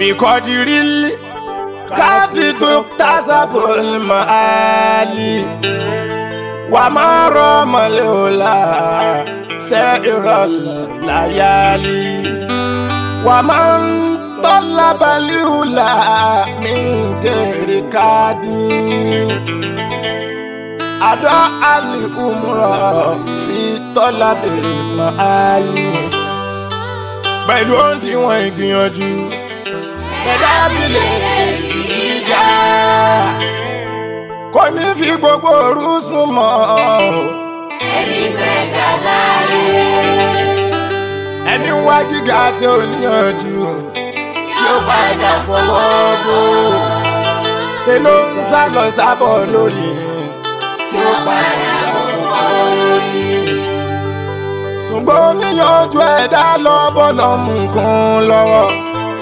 بقدر القدر تكتسب المعالي وما رام الأولى سائر الليالي ومن طلب الأولى من غير كادي أدعى الأمراء في طلب المعالي pẹ̀lú òǹdíwọ̀n ìgbìyànjú ẹ̀dá mi lè yíga. kò ní fi gbogbo òru sùn mọ́. ẹni fẹ́ ga láàyè. ẹni wá gíga tí ò níyànjú yóò padà fọwọ́ bò. ṣe ló ń sá lọ sábọ̀ lórí tí ó padà fọwọ́ lórí. ṣùgbọ́n níyànjú ẹ̀dá lọ́bọ̀ lọ́mú lọ́wọ́.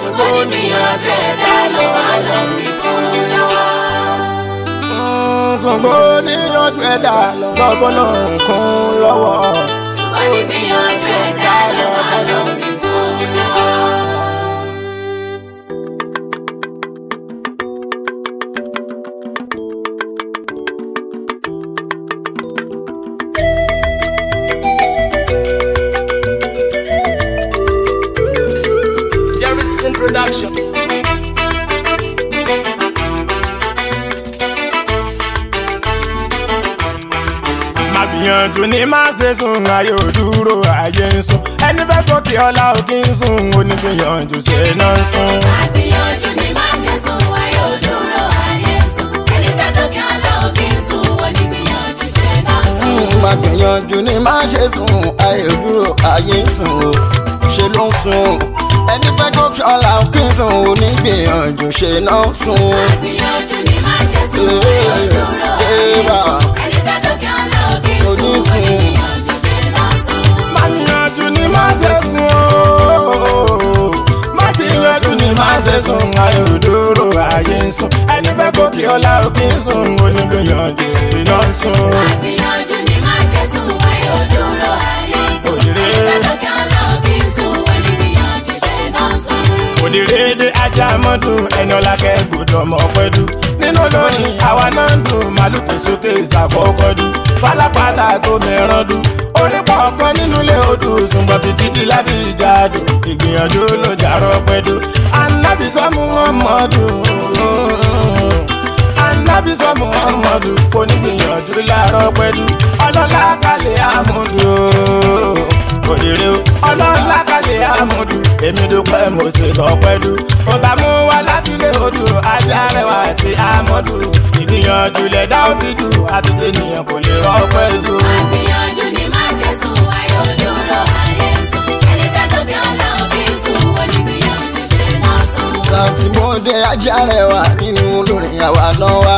Ògbóniyàn tẹ̀dá ló wà lọ́bí fún lọ́wọ́. Ògbóniyàn tẹ̀dá lọ́gbọ́n lọ́kùn lọ́wọ́. Ṣùgbọ́n níbi yàn production. gbìyànjú ni má ṣe sùn ayé ò dúró ayé ń sùn ẹni fẹ́ gòkè ọlá òkè ń sùn onígbìyànjú ṣe náà ń sùn. àgbìyànjú ni má ṣe sùn ayé ò dúró ayé ń sùn ẹni fẹ́ gòkè ọlá òkè ń sùn onígbìyànjú ṣe náà ń sùn. gbàgbìyànjú ni má ṣe sùn ayé ò ayé ń sùn ṣe ló ń sùn ẹni pẹ́ kó kí ọ̀la òkìrùn onígbìyànjú ṣe náà sùn. àgbìyànjú ni máa ṣe sùn ìyànjú rọ̀ ẹ̀yìn sùn. ẹni pẹ́ kó kí ọ̀la òkìrùn onígbìyànjú ṣe náà sùn. máa gbìyànjú onígbìyànjú ṣe náà àgbìyànjú òdìrèdè ajámọ́dù ẹni ọlákẹ́ gbọdọ̀ mọ̀ pẹ́dù nínú lónìí àwa náà ń dùn màlúkù sókè ìsàkọ́kọ́dù falápàtà tó mẹ́rán dùn onípọ̀ ọ̀pọ̀ nínú ilé odò ṣùgbọ́n bíi títí lábí ìjà dùn ìgbìyànjú ló jàrọ̀ pẹ́dù anábìsọ́mù wọn mọ̀ dùn lábísọ̀ muhammadu onígbìyànjú láàárọ̀ pẹ̀lú ọlọ́lá kálẹ̀ àmúdù òrèrè ọlọ́lá kálẹ̀ àmúdù èmi dúpẹ́ mo sì lọ pẹ̀lú ọba mú wa láti lè odò ajárẹwà àti àmọ́dù ìgbìyànjú lẹ̀dá òfin jù àti ènìyàn kò lè rọ́ pẹ̀lú. àgbìyànjú ni má ṣe sùn ayọ̀dún lọ ayé sùn ẹni fẹ́ tóbi ọlá. Sàtìmọ́dé ajá rẹwà nínú olórin àwa náà wá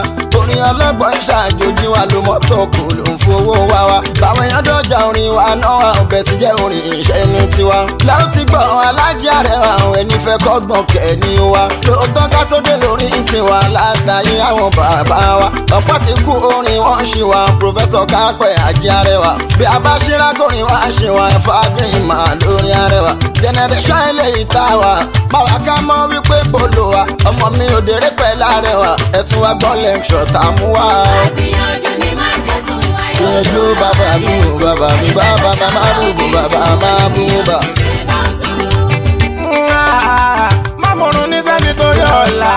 orin ọlọ́gbọ́n ń ṣàjòjì wa ló mọ́tò kù ló ń fowó wá wa báwọn èèyàn dọ́jà orin wa náà ọbẹ̀ sì jẹ́ orin ìṣẹ́nu tiwa. láwọn gbọ́ alájà rẹ̀ àwọn ẹni fẹ́ kọ́gbọ̀n kẹ́ni wa lóòótọ́ ká tó dé lórí tiwa látàyè àwọn bàbá wa ọ̀pọ̀ ti kú orin wọn ṣì wà pòfẹ́sọ̀ kápẹ́ àjẹ́ arẹwà bí a bá ṣíra kórìn wá ṣì wà fàgbìn mà lórí arẹwà jẹnẹrẹsán eléyìí tá a wà báwa ká mọ̀ wípé bolo wa ọmọ mi ò dérè pẹ́ lárẹwà ẹ̀tún wa gbọ́ lẹ́ńṣọ̀tà kà mú wá. àgbìyànjú ni má ṣe sùn ayọ̀. ìyànjú bàbá mi ò bàbá mi bàbá màmá mi ò bàbá má mú bà. má múrun níṣẹ́ nítorí ọ̀la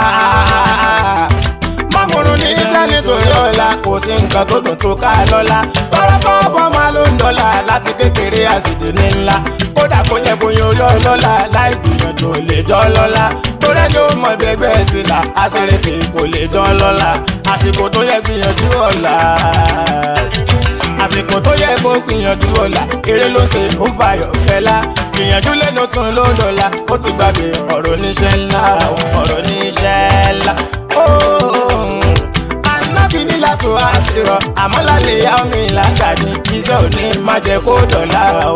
nítorí ọ̀la kò sí nǹkan tó dùn tó ká lọ́la tọ́lọ́pọ̀ ọ̀bọ máa ló ń dọ́là láti kékeré àsìdì ní ńlá kódà kó jẹ́ bóyá orí ọlọ́la láì gbìyànjú ò lè jọ́ lọ́la torí ẹni ó mọ ẹgbẹ́gbẹ́ ti là àṣẹrẹ́fẹ́ kò lè jọ́ lọ́la àsìkò tó yẹ gbìyànjú ọ̀la àsìkò tó yẹ kó gbìyànjú ọ̀la eré ló ṣe ó fàyọ̀ fẹ́lá gbìyànjú lẹ́nu tún ló dọ̀la ó ti gbàgbé ọ̀rọ̀ oníṣẹ́ ńlá ọ̀rọ̀ oníṣẹ́ ńlá kò àṣírọ àmọ́ lálẹ́ yá mi látàdí iṣẹ́ òní má jẹ́ kó dọ̀la o.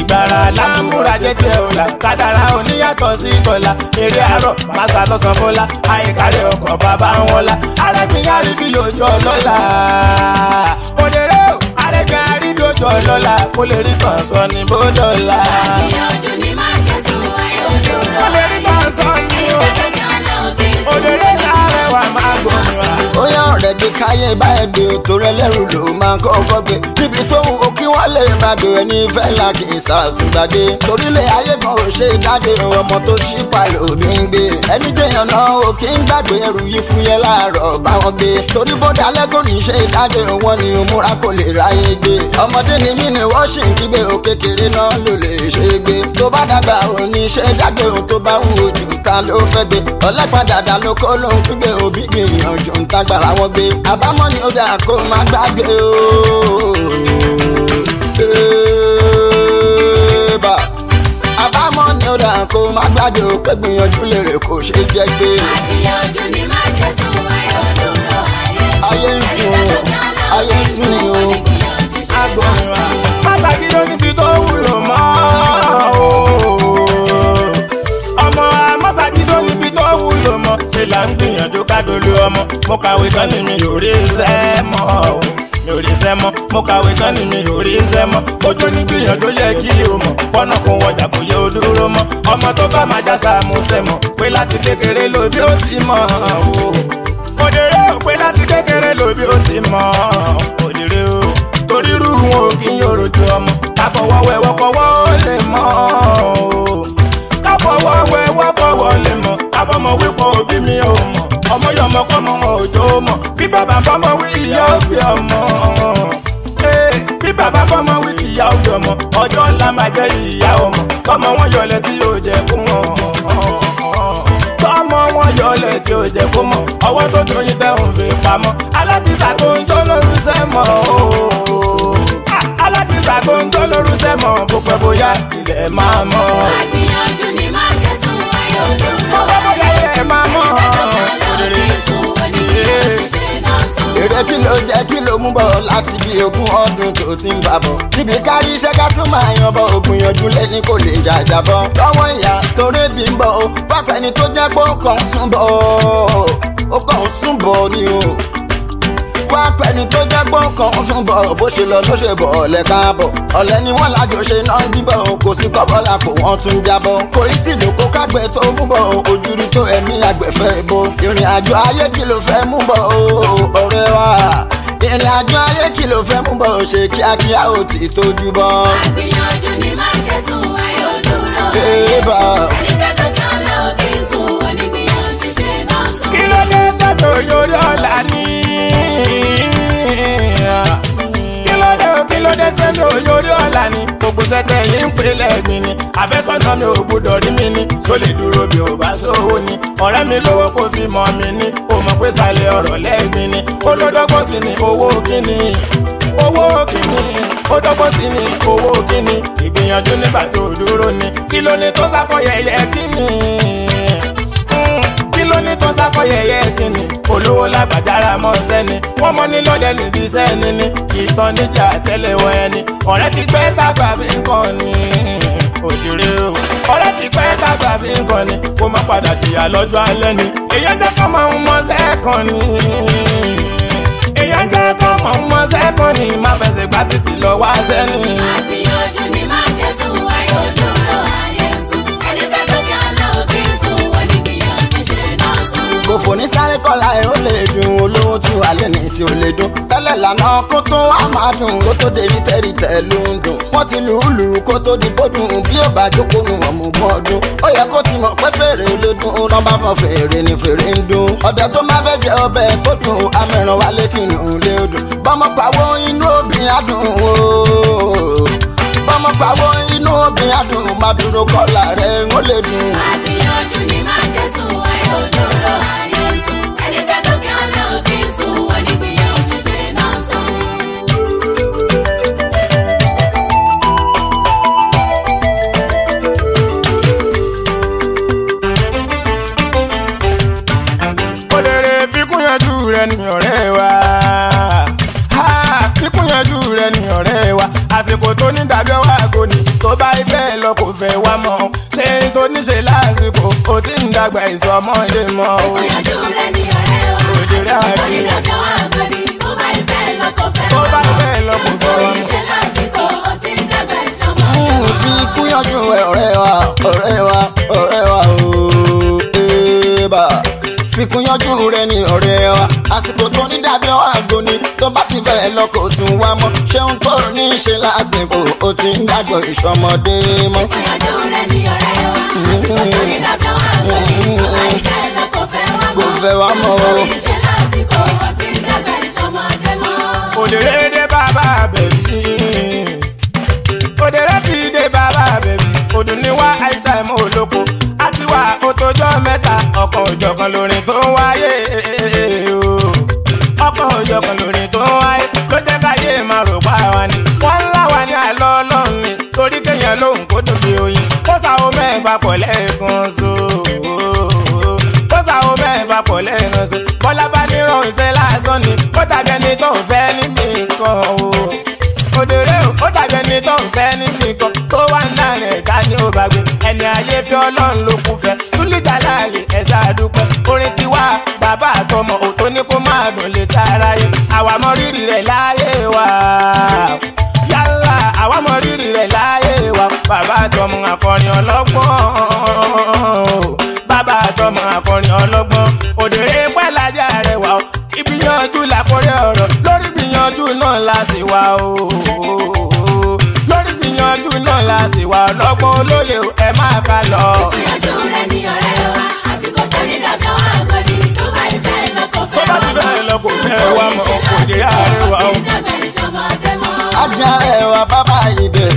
ìgbàrà lámúra jẹ́sẹ̀ ọ̀la kádàrá oníyàtọ̀ sí tọ̀la eré àárọ̀ màsà lọ́sàn fọlá àyíkárẹ̀ ọkọ̀ bàbá ń wọlá arẹ́gbìyà rí ojú ọlọ́la. òdèrè o arẹ́gbìyà rí ojú ọlọ́la kó lè rí kàn sọ ní bódọ́la. àgbìyànjú ni má ṣe sùn ayọ̀ òdòdó. kó lè rí kàn sọ ní o. òdèrè Oya máa gbòòrà. ó yá ọ̀rẹ́ di káyé báyẹ̀ di òtò rẹ lẹ́rù ló máa ń kọ́kọ́ gbé níbi tó wù ó kí wọ́n lè máa bèrè ní fẹ́lá kì í sàṣùgbàdé torílẹ̀ ayé kan ò ṣe jáde ọmọ tó ṣí palẹ̀ òbí ń gbé ẹni jẹyàn náà ó kí ń gbàgbé ẹrù yìí fún yẹn láàárọ̀ báwọn gbé torí bóde alẹ́kùn ní ṣe jáde wọn ni òmùra kò lè ráyé gbé ọmọdé ni mí ni wọ́n ṣì ń kígbe ó kékeré náà ló lè ṣe òbí gbìyànjú ń tagbára wọn gbé àbámọ̀ ni ó dáa kó má gbàgbé o. àbámọ̀ ni ó dáa kó má gbàgbé o pé gbìyànjú lèrè kò ṣeé jẹ́ gbé. àgbìyànjú ni má ṣe sùn ayé òdòdó ayé sùn ayé sùn ni o agbọ̀nra. pàtàkì ló ní ti tó wúlò mọ́ o. ọmọ amọ́sàkí ló níbi tó wúlò mọ́ ṣe là ń gbìyànjú ìlú kádolú ọmọ mo kàwé tán ni mi ò rí iṣẹ́ mọ́ o mi ò rí iṣẹ́ mọ́ mo kàwé tán ni mi ò rí iṣẹ́ mọ́ ojú ní gbìyànjú yẹ kí o mọ̀ kọ́nà kún wọjà kò yẹ o dúró mọ́ ọmọ tó bá máa jásá mu sẹ́ mọ̀ pé láti kékeré ló bí ó ti mọ̀ o òdèrè ò pé láti kékeré ló bí ó ti mọ̀ òdèrè o torí rú wọn ò kí yóò rojú ọmọ káfọwọ́wẹ́wọ́ kọ́wọ́ ó lè mọ̀ o káfọwọ́wẹ́wọ́ kọ́wọ́ lè mọ̀ abọ́mọ̀wé pọ̀ òbí mi ò mọ̀ ọmọ yọmọ kọmọ wọn ò jó mọ bí bàbá bọmọ wí ìyá òbí ọmọ eh, bí bàbá bọmọ wí ìyá òbí ọmọ ọjọ́ ńlá máa jẹ́ ìyá ọmọ tọmọ wọn yọlẹ̀ tí yóò jẹ kú wọn tọmọ wọn yọlẹ̀ tí yóò jẹ kú mọ ọwọ́ tó dùn yín bẹ́ẹ̀ ń fi pamọ́ alábìsà tó ń jó lórí sẹ́mọ̀ ooo ah, tó ń jó lórí sẹ́mọ̀ bó pẹ́ bóyá ilẹ̀ máa mọ́. àgbìyànjú ni kedere. èrè kí ló jẹ́ kí ló mú bọ̀ láti bí ogún ọdún tó ti ń bàbọ̀. níbi kárí iṣẹ́ ká tún máa yan bọ̀ ògùn yanjú lẹ́ni kò lè jàjà lọ́wọ́ ìyá torí ti ń bọ̀ o bàtà ẹni tó jẹ́ pé ó kàn ń sún bọ̀ ó kàn ń sún bọ̀ ni o wá pẹ̀lú tó jẹ́ gbọ́ǹkan fún bọ̀ bó ṣe lọ ló ṣe bọ̀ ọ̀lẹ́ káàbọ̀ ọ̀lẹ́ ni wọ́n lájọṣe náà bíbọ̀ kò sí kọ́bọ́lá kò wọ́n tún jábọ̀ kò í sì lóko kágbẹ́ tó mú bọ̀ tó ẹ̀mí àgbẹ̀fẹ́ bo ìrìn àjò ayé kí ló fẹ́ mú bọ̀ ọ̀rẹ́ wa ìrìn àjò ayé kí ló fẹ́ mú bọ̀ ṣe kíákíá ò tí ì tójú bọ̀. àgbìyànjú ni má ṣe sùn ló dé sẹ́mi òyòrí ọ̀la ni gbogbo sẹ́tẹ̀ yìí ń pè lẹ́gbin ni àfẹ́sọ́nà mi ò gbúdọ̀ rí mi ni sólè dúró bí ò bá sówó ni ọ̀rẹ́ mi lówó kó fi mọ̀ mi ni ó mọ̀ pé sàlẹ̀ ọ̀rọ̀ lẹ́gbin ni ó ló dọ́gbọ́n sí ni owó kíni owó kíni ó dọ́gbọ́n sí ni owó kíni ìgbìyànjú nígbà tó dúró ni kí ló ní tó sákọ̀yẹ̀ ilẹ̀ kíni kọ́ sákọ́ yẹyẹ kíni olówó lágbàjára mọ́ sẹ́ni wọ́n mọ́ ní lọ́dẹ nídìí sẹ́ni ni ìtàn níjà tẹ́lẹ̀wọ́ ẹni ọ̀rẹ́ ti pẹ́ tágbà fi ń kàn ní òṣèré o ọ̀rẹ́ ti pẹ́ tágbà fi ń kàn ní kó má padà jìyà lọ́jọ́ alẹ́ ni èyí jẹ́ kọ́ máa ń mọ́ sẹ́kàn ní èyí jẹ́ kọ́ máa ń mọ́ sẹ́kàn ní má fẹsẹ̀ gbá títì lọ wá sẹ́ni. àgbìyànjú ni má ṣe sùn wáyọ̀ lọ. òfò ní sáré kọ́lá ẹ̀ ó lè dùn olówó tí wà lẹ́nu tí ó lè dùn tẹ́lẹ̀ lànà kó tó wá máa dùn kó tó débi tẹ́rì tẹ́ ń dùn wọ́n ti lù ú lù ú kó tó di bódùn bí ó bá jókòó nu ọmọ ogún ọdún ó yẹ kó ti mọ̀ pé fèrè ló dùn rọ́bà fọ fèrè ni fèrè ń dùn ọ̀dẹ̀ tó má fẹ́ jẹ ọbẹ̀ tó dùn amẹ̀ràn wálé kìnìún lé dùn bọ́mọ pàwọ́ inú obìnrin á dùn ó ọmọ pàwọ́ inú rẹ̀ ń ó dùn. àbíyànjú ni má ṣe sùn wáyé olóró àyè. rẹ ni ọ̀rẹ́ wa kíkúnyanjú rẹ ni ọ̀rẹ́ wa àsìkò tó ní dàbí ọwọ́ àgò ni tó bá ifẹ̀ lọ kò fẹ́ wá mọ́ ṣé tó ní ṣe lásìkò ó ti ń dàgbà ìsọmọ ilé mọ́ o. kíkúnyanjú rẹ ni ọ̀rẹ́ wa àsìkò tó ní dàbí ọwọ́ àgò ni tó bá ifẹ̀ lọ kò fẹ́ wá mọ́ ṣé tó ní ṣe lásìkò ó ti ń dàgbà ìsọmọ ilé mọ́. kíkúnyanjú rẹ ọ̀rẹ́ wa ọ̀rẹ́ wa ọ̀rẹ́ fikun yanjú rẹ ní ọ̀rẹ́ wa àsìkò tó ní dàbí ọwọ́ ni tó bá ti bẹ̀rẹ̀ lọ kò tún wá mọ́ ṣéun tó ní í ṣe lásìkò ó ti ń dàgbọ́ ìṣọmọdé mọ́. fikun yanjú rẹ ní ọ̀rẹ́ wa àsìkò tó ní dàbí ọwọ́ ni tó bá ti bẹ̀rẹ̀ lọ kò fẹ́ wá mọ́ kò ní í ṣe lásìkò ó ti ń dàgbọ́ ìṣọmọdé mọ́. òdèrè dé fi dé bàbá bẹ̀bí òdùnníwá àìsàn mọ́ tójọ́ mẹ́ta ọkọ̀ òjọ̀kan lórin tó ń wáyé o ọkọ̀ òjọ̀kan lórin tó wáyé ló jẹ́ káyé e máa rò pa wa ni. wọ́n láwa ní àlọ́ ọlọ́run ni torí kéèyàn lóhùn kó dòbí oyin kó sàwọ mẹ́ẹ̀fà pọ̀ lẹ́ẹ̀kan so kó sàwọ mẹ́ẹ̀fà pọ̀ lẹ́ẹ̀kan so bọ́lá bá ní rọrùn iṣẹ́ lásán ni ó dàbí ẹni tó ń fẹ́ níbi kan o òdèrè ó dàbí ẹni tó ń fẹ́ níbi kan tó bá gbé ẹni ayé fi ọlọ́run ló kú fẹ́ túlí jàlálì ẹ̀sà àdúpẹ́ orin ti wá bàbá àtọmọ òtó ní kó máa dùn lè ta ara yẹ àwa mọ rírì rẹ̀ láyé wa yálà àwa mọ rírì rẹ̀ láyé wa bàbá àtọmọ akọrin ọlọ́gbọ́n bàbá àtọmọ akọrin ọlọ́gbọ́n òdèrè pàlàjà rẹ̀ wà ó ìgbìyànjú làkórè ọ̀rọ̀ lórí ìgbìyànjú náà láti wà ó ìyanjú náà la sì wà ọlọ́gbọ́n olóye ẹ máa bá lọ. ìgbìyànjú rẹ ni ọ̀rẹ́ rẹ wá àsìkò tó ní dàgbà wá gòdì tó bá ìfẹ́ lọ́kọ̀ fẹ́ wá mọ́. tó bá ti bẹ́ẹ̀ lọ́kọ̀ fẹ́ wá mọ́ kò dé àárẹ̀ wá o. ajá ẹwà bàbá ìbẹ̀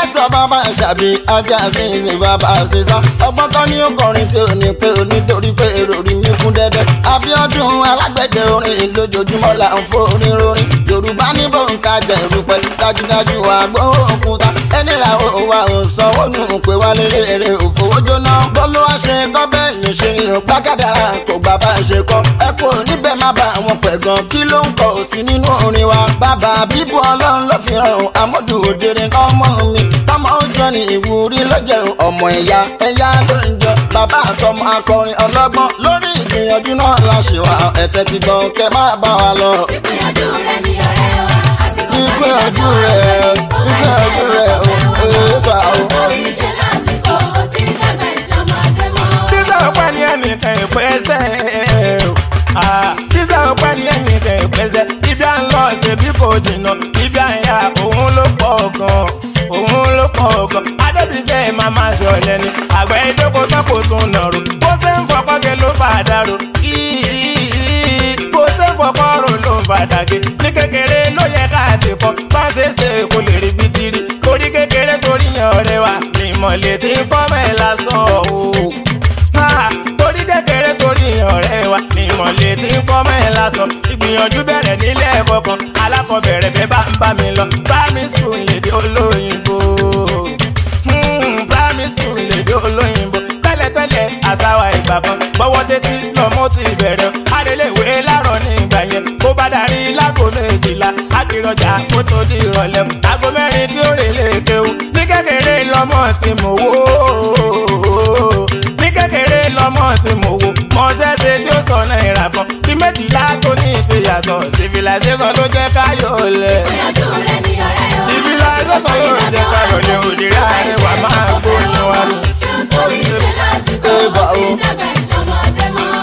àìsàn bàbá ìṣàbí ajá sí ní bàbá àṣìṣà ọgbọ́n tán ní ọkọrin tí ò ní pé onítorí pé èrò rí mi kún dẹ́dẹ́ Abíọ́dún alágbẹ̀dẹ orin lójoojúmọ́ là ń fò onírorin Yorùbá ní bòǹkà jẹ̀rù pẹ̀lú dájúdájú àgbọ̀ òkúta ẹni ra òwà òsọ̀wọ́ nù pé wá lérè èrè òfòwò jóná bọ́lúwa ṣe kọ́ bẹ́ẹ̀ ní ṣe kò bàbá ṣe kọ́ ẹ kò níbẹ̀ má bà àwọn pẹ̀gàn kí ló ń kọ òsì nínú orin wa bàbá bíbu ọlọ́run ló fi hàn àmọ́dù òdèrè ọmọ mi táwọn ọjọ́ ni ìwúrí lọ́jẹ̀rún ọmọ ẹ̀yà ẹ̀yà ló ń jọ bàbá àtọmọ akọrin ọlọ́gbọ́n lórí ìgbìyànjú náà la ṣe wà ti gbọ́n kẹ́ má bá wa lọ. ìgbìyànjú rẹ ni ọ̀rẹ́ wa àsìkò ìgbìyànjú rẹ ìgbìyànjú rẹ ò a máa ṣe ọ̀lẹ ni àgbẹ̀ ìjókòó tán kò tún nàró bó ṣe ń fọkọ́ ke ló fà á dárò bó ṣe ń fọkọ́ rò ló ń fàdàgé ní kékeré ló yẹ ká ti kọ́ bá ṣe ṣe kò lè rí bítírì torí kékeré torí yan ọ̀rẹ́ wa ìmọ̀lẹ̀ ti kọ́ mẹ́ lásán o ni ìmọ̀lẹ̀ tí ń kọ́ mẹ́ lásán ìgbìyànjú bẹ̀rẹ̀ nílé ẹ̀kọ́ alákọ̀ọ́bẹ̀rẹ̀ bẹ́ẹ̀ bá ń bá mi lọ bá mi sùn lèdè olóyin ìgbà kan gbọ́wọ́ tẹ́tí lọ́mọ ti bẹ̀rẹ̀ adéléwé láàárọ̀ ní ìgbà yẹn kó bá darí láago méjìlá akérọjà kó tó di ìrọ̀lẹ́ aago mẹ́rin tí ó rèlé kéwu ní kékeré lọ́mọ ti mọ̀ wó ní kékeré lọ́mọ ti mọ̀ wó mọ̀ọ́sẹ́sẹ́ tí ó sọ náírà kan tí méjìlá tó ní ìtìyàtọ̀ civilization ló jẹ́ káyọ̀ lẹ̀. civilization ló jẹ́ káyọ̀ lẹ̀ òjìrì àríwá máa gbóyún wa lù.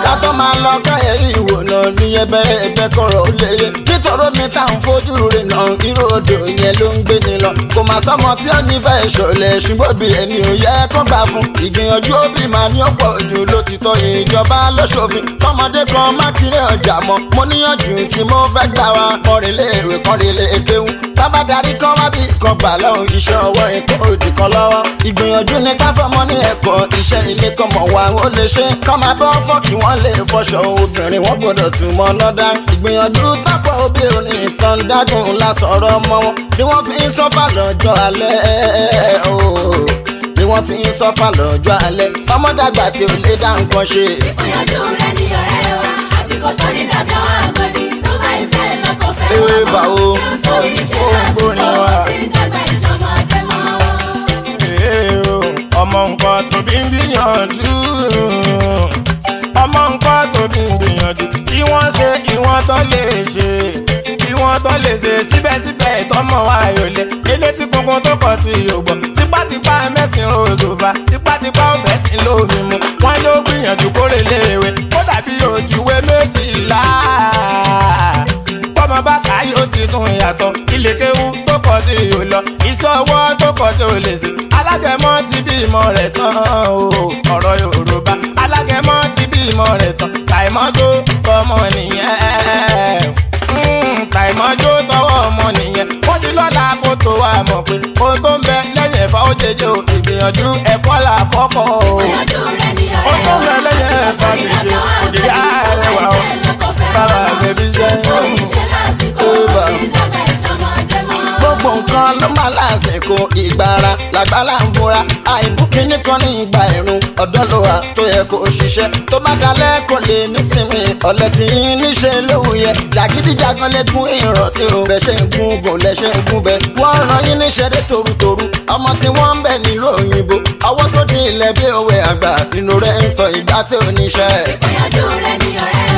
ká máa lọ káyẹ̀ ìwò lọ ní ẹbẹ̀ ẹbẹ̀ kọ̀rọ̀ ó lérè nítorí mi tá fojú rè nà irú odò yẹn ló ń gbé ni lọ kò má sọmọ tí ó ní fẹ́ ṣọlẹ̀ ṣùgbọ́n bí ẹni ò yẹ kó gbà fún ìgbìyànjú òbí màá ní ọ̀pọ̀ jù ló ti tọ́ ìjọba lọ́sọ̀fin tọmọdé kan má kiri ọjà mọ́ mo níyànjú tí mo fẹ́ gbà wá kọrìnléèwé kọrìnléèkéwù bàbá kan wá bí kan gbà lọ́hùn iṣẹ́ ọwọ́ ikọ̀ òdì kan lọ́wọ́. ìgbìyànjú ni ká ní ẹ̀kọ́ iṣẹ́ ilé kọ́mọ wa ó lè ṣe kọ́mọ abọ́ fọ́ kí wọ́n lè f fọṣọ obìnrin wọn gbọ́dọ̀ tún mọ lọ́dá ìgbìyànjú tápọ̀ obìnrin nǹkan dágùn la sọ̀rọ̀ ọmọ wọn bí wọ́n fi ń sọ́fà lọ́jọ́ alẹ́ ooo bí wọ́n fi ń sọ́fà lọ́jọ́ alẹ́ ọmọdàgbà tí ò lè dá nǹkan ṣe. ìgbìyànjú rẹ ni ọ̀rẹ́ wa àsìkò tó ní dandan àgọ́dì tó bá ìfẹ́ lọ́kọ̀ fẹ́ wọn. ewé bá o ó ń gbóni wa. ọmọ nǹkan tó bí ń gbìyànjú ọmọ nǹkan tóbi gbìyànjú kí wọ́n ṣe ìwọ̀n tó lè ṣe kí wọ́n tó lè ṣe síbẹ̀síbẹ̀ ìtọ́mọ̀ ayọ̀lẹ̀ elétí funfun tó kọ̀ tí yóò gbọ́ tipátipá mẹ́sìn ròzòfà tipátipá òfẹ́sìn lómi mu wọ́n ló gbìyànjú kórè léèwé kó dàbí òjìwé méjìlá ọmọ bá káyé ó ti tún yàtọ̀ ilé kéwú tó kọ́ tí ò lọ ìṣọwọ́ tó kọ́ tí ò lè sí alágẹmọ ti bímọ rẹ̀ tán o ọ̀rọ̀ Yorùbá tàìmọ́ rẹ̀ tán tàìmọ́ jó tọmọ nìyẹn hmm, tàìmọ́ jó tọwọ́ ọmọ nìyẹn wọ́n ti lọ́la kó tó wà mọ̀ pé kó tó ń bẹ lẹ́yìn ẹ̀fọ́ ó jẹjẹ o ìgbìyànjú ẹ̀kọ́ là kọ́kọ́ o ó tó ń bẹ lẹ́yìn ẹ̀fọ́ jẹjẹ òdìyà rẹwà o bàbá bẹbí sẹ́yìn ó bà kan ló wà lásìkò ìgbára làgbàlá ń bora àìbùkún nìkan ní ìgbà ẹ̀rùn ọ̀dọ́ ló wà tó yẹ kó ṣiṣẹ́ tó bá dalẹ̀ kò lè ní sinmi ọ̀lẹ tí ń níṣẹ́ lówù yẹ jàgídíjàgan lẹ́gùn ìrọ̀sí o bẹ̀ ṣe ń gún gùn lẹ́ṣẹ̀ ń gún bẹ̀ wọ́n rán yín níṣẹ́ dé torutoru ọmọ tí wọ́n ń bẹ̀ nílò òyìnbó ọwọ́ tó dín ilẹ̀ bí òwe àgbà inú rẹ̀ ń sọ ìgbà tí ò níṣẹ́. ìpẹ́yàjú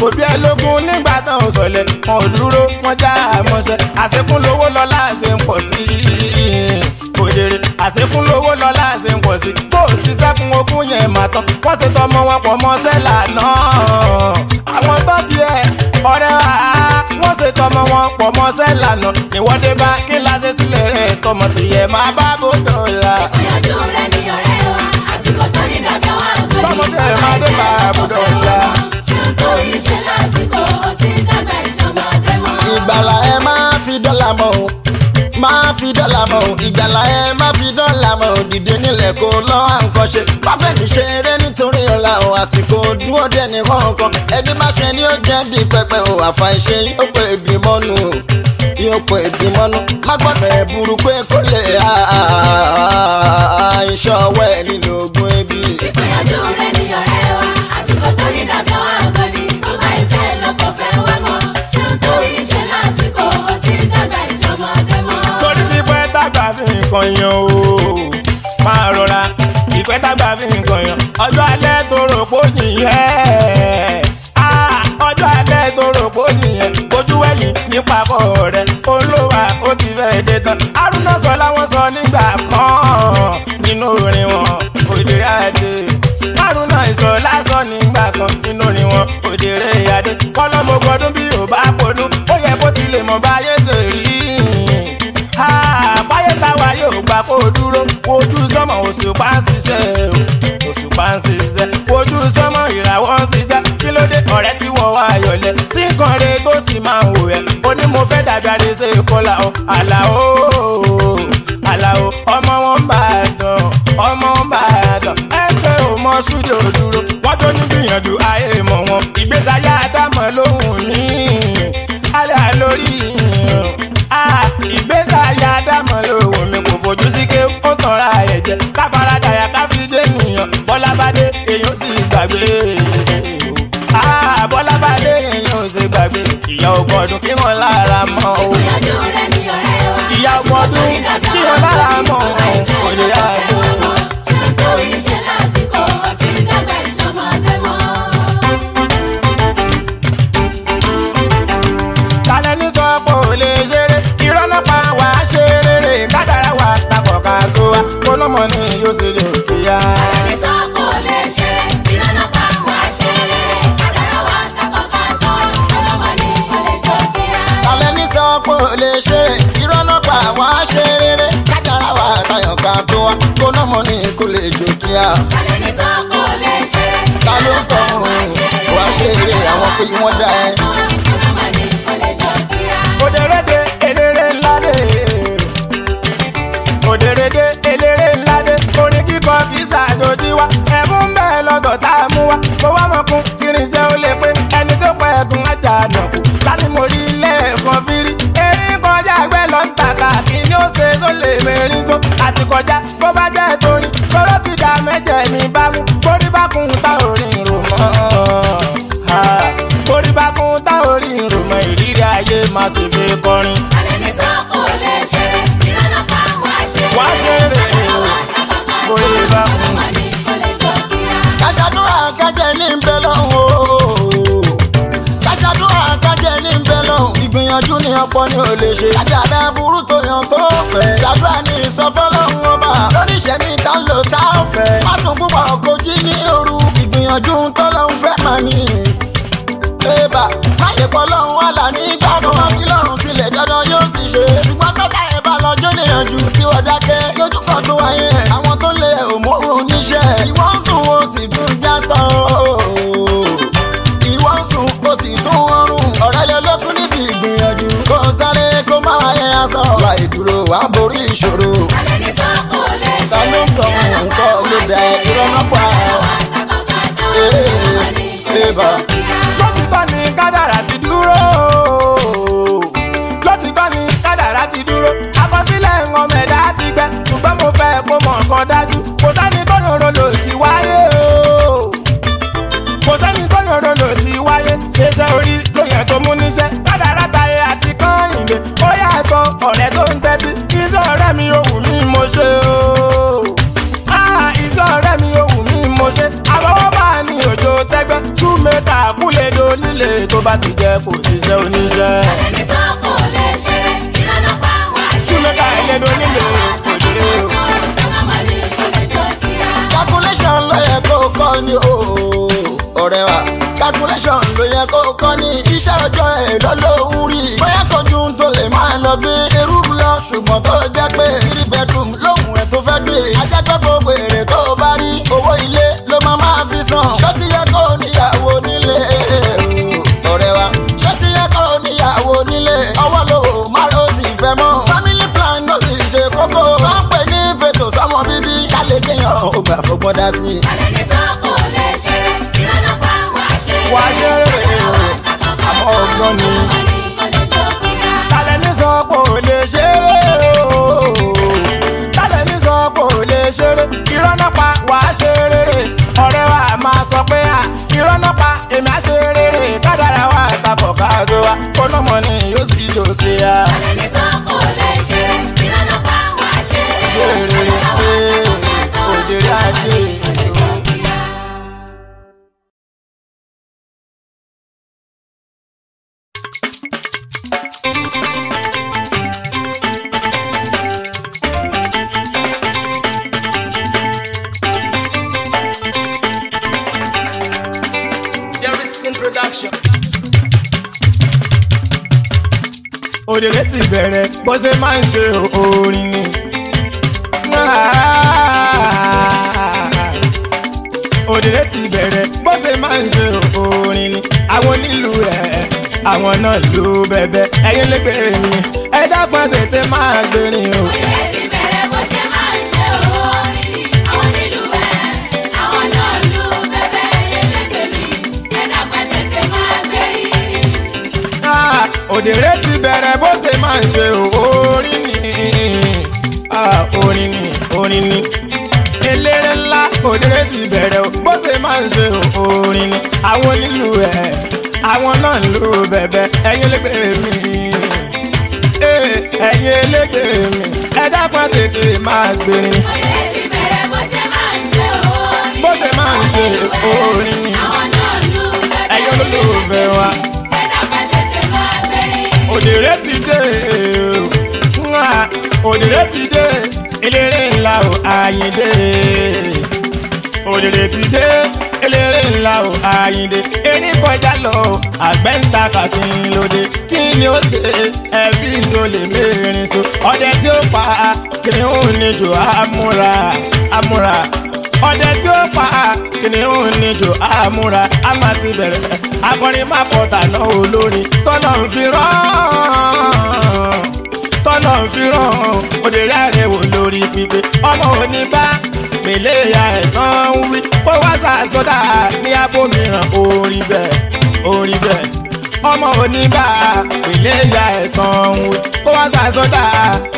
kò bí ẹlógún nígbà tán ò sọlẹ̀ wọn ò dúró wọn já àmọ́ṣẹ́ àṣekún lówó lọ́lá ṣe ń pọ̀ sí i òjèrè àṣekún lówó lọ́lá ṣe ń pọ̀ sí i bó sì sẹ́kun ogún yẹn mà tán wọ́n ti tọmọ wọn pọ̀ mọ́ṣẹ́ lànà àwọn tó bí ẹ ọ̀rẹ́ wa wọ́n ṣe tọmọ wọn pọ̀ mọ́ṣẹ́ lànà ìwọ́de bá kí láti sílẹ̀ rẹ̀ tọmọ tìyẹ̀ máa bá dọ́là mọ́ o máa fi dọ́là mọ́ o ìgbàlá ẹ máa fi dọ́là mọ́ o dìde nílẹ̀ kó lọ́ àǹkọ́ṣe pàfẹ́ẹ̀tì ṣe eré nítorí ọ̀la o àsìkò dúró dẹ́ni kọ̀ọ̀kan ẹni má ṣe ni ó jẹ́ di pẹpẹ o àfà ìṣe yóò pé ìgbìmọ̀nù yóò pé ìgbìmọ̀nù má gbọ́dọ̀ ẹ̀ burú pé kó lè iṣẹ́ ọwọ́ ẹ̀ nínú ogun ebi. ìpínyàjò rẹ̀ fi nǹkan yan o máa rọra ìpẹ́ tágbà fi nǹkan yan ọjọ́ alẹ́ tó rò pó nìyẹn ah, ọjọ́ alẹ́ tó rò pó nìyẹn ojú wẹ̀yìn nípa kọ́ rẹ̀ olówà ó ti fẹ́ dé tán arúnà sọ láwọn sọ nígbà kan nínú orin wọn òdìrẹ́ àdé arúnà ìsọ lásán nígbà kan nínú orin wọn òdìrẹ́ àdé kọ́lọ́mọgbọ́dún bí ò bá pọ̀dún ó yẹ kó ti lè báyé tèrí ó dúró ojú sọmọ òṣùpá ń o òṣùpá ń ṣiṣẹ́ ojú sọmọ ìràwọ̀ ń ṣiṣẹ́ kí ló dé ọ̀rẹ́ tí wọ́n wá ayọ̀lẹ̀ tí nǹkan re tó sì máa ń wò ẹ́ ó ní mo fẹ́ dàbí àdéṣe kọ́lá o àlàó àlàó ọmọ wọn bá dán ọmọ wọn bá dán ẹgbẹ́ ò mọ súdìó dúró wọ́n tó ní gbìyànjú ayé mọ̀ wọn ìgbésí ayé àdámọ̀ lóhùn yìí. jẹ ká faradàyà ká fi dé ènìyàn bọ́lá bá dé èèyàn sì gbàgbé. Ah, bọ́lá bá dé èèyàn sì gbàgbé ìyá ọgbọ́dún kí wọ́n lára mọ́ ìgbìyànjú rẹ ni ọ̀rẹ́ wa. ìyá ọgbọ́dún kí wọ́n lára mọ́ kọ́mọ ni yóò ṣe lè kíyà. àyẹ̀sọ́ kò lè ṣe ìrànà pa wá ṣe rẹ̀ kádàrá wa takọ̀ káńtọ́ ọlọ́mọ ni kò lè jọ kíyà. tàlẹ́ ní sọ kò lè ṣe ìrànà pa wá ṣe rere kádàrá wa tayọ̀ ká tó wa kó náà mọ̀ ní kò lè jọ kíyà. tàlẹ́ ní sọ kò lè ṣe ìrànà pa wá ṣe rere àwọn pé wọ́n dá ẹ. ọlọ́mọ ni kò lè kíyà. tá a mú wa mo wá mọ̀ kún irinṣẹ́ ó lè pé ẹni tó pa ẹ̀gùn ajá àdàn ta ni mo rí ilé ẹ̀kan fírí erin kọjá ẹgbẹ́ lọ ń tàkà kí ni ó ṣe tó lè mẹ́rin tó àti kọjá bó bá jẹ́ torí tọ́lọ́ ti dá mẹ́jẹ̀ mi bá mú borí bá kún ta orin rò mọ́ borí bá kún ta orin rò ìrírí ayé má sì fi kọrin. ọ̀pọ̀ ni ò lè ṣe. àjàdá burú tó yàn tó fẹ́. ṣàdúrà ní ìsọfọ́lọ́hún ọba. lóníṣẹ́ ní ìta ń lò tá a fẹ́. má tún púpọ̀ kò jí ní òru. ìgbìyànjú tọ́lọ́hún fẹ́ máa ní. bébà má yẹ pọ̀ lọ́hún wà lá ní gbàgbọ́. ọmọ kí lọ́rùn tilẹ̀ dandan yóò sì ṣe. ṣùgbọ́n tọ́ta ẹ̀ bá lọ jó níyànjú. wọ́n dákẹ́ lójú torí ìṣòro. alẹ́ ní sọ́kò lè ṣe é. bá ti jẹ kò ṣiṣẹ́ oníṣẹ́. àlejò kò lè ṣe ìlànà pa wá ṣe. súnmẹ́ka ẹlẹ́nu onílé kò lè o. calculation ló yẹ kó kọ́ ni o ọ̀rẹ́ wa calculation ló yẹ kó kọ́ ni iṣẹ́ ọjọ́ ẹ̀ lọ́lọ́hún rí. bóyá kojú tó lè máa lọ bí irú lọ ṣùgbọ́n tó jẹ́ pé three bedroom lóhùn ẹ̀ tó fẹ́ gbé. ajá gbọ́ gbogbo èrè tó ọlọ́run ó gbà fọgbọ́n dá sí. àlejò pa wá ṣe. wá ṣe rèé àmọ́ ọgbọ́n ni. tàlẹ́ni sọ kò lè ṣe pa wá ṣe rere ọ̀rẹ́ wa máa pa èmi á ṣe wa àtàkọ̀ káàdó wa kó lọ́mọ òdèrè ti bẹ̀rẹ̀ bó ṣe máa ń ṣe orin ni. òdèrè ti bẹ̀rẹ̀ bó ṣe máa ń ṣe orin ni. àwọn onílù ẹ̀ àwọn náà ló bẹ̀bẹ̀ ẹ̀yin lè gbé mi ẹ dápọ̀ tètè máa gbé ni o. òdèrè ti bẹ̀rẹ̀ bó ṣe máa ń ṣe orin ni orin ni orin ni eléré ńlá òdèrè ti bẹ̀rẹ̀ bó ṣe máa ń ṣe orin ni àwọn onílù ẹ̀ àwọn náà ń lu bẹ̀bẹ̀ ẹ̀yin lè gbé mi ẹ̀yin elégbè mi ẹ̀dá kan tètè máa gbé mi. òdèrè ti bẹ̀rẹ̀ bó ṣe máa ń ṣe orin ni bó ṣe máa ń ṣe ni àwọn náà ń lu bẹ̀bẹ̀ ẹ̀yin olólùfẹ́ wa òdèrè ti dé òdèrè ti dé eléré ńlá o àyìndé òdèrè ti dé eléré ńlá o àyìndé ẹni kọjá lọ àgbẹ̀ ń ta kàkín lóde kí ni ó ṣe ẹbí tó lè mérin so ọdẹ tí ó pa kìnìún ní jù àmúra àmúra ọdẹ tí ó pa kìnìún ní jù àmúra a máa ti bẹ̀rẹ̀ akọrin má kọ tàná olórin tọ́lọ̀ ń fi rán tọ́lọ̀ ń fi rán òde rẹ̀ wò lórí pípé ọmọ òní bá mèlè ìyá ẹ̀ tán ń wí ó wá sàsọdà ní abómìíràn orin bẹ́ẹ̀ orin bẹ́ẹ̀ ọmọ oníbà ìlé ìyá ẹ̀tàn ń wí kó wá sàsọdà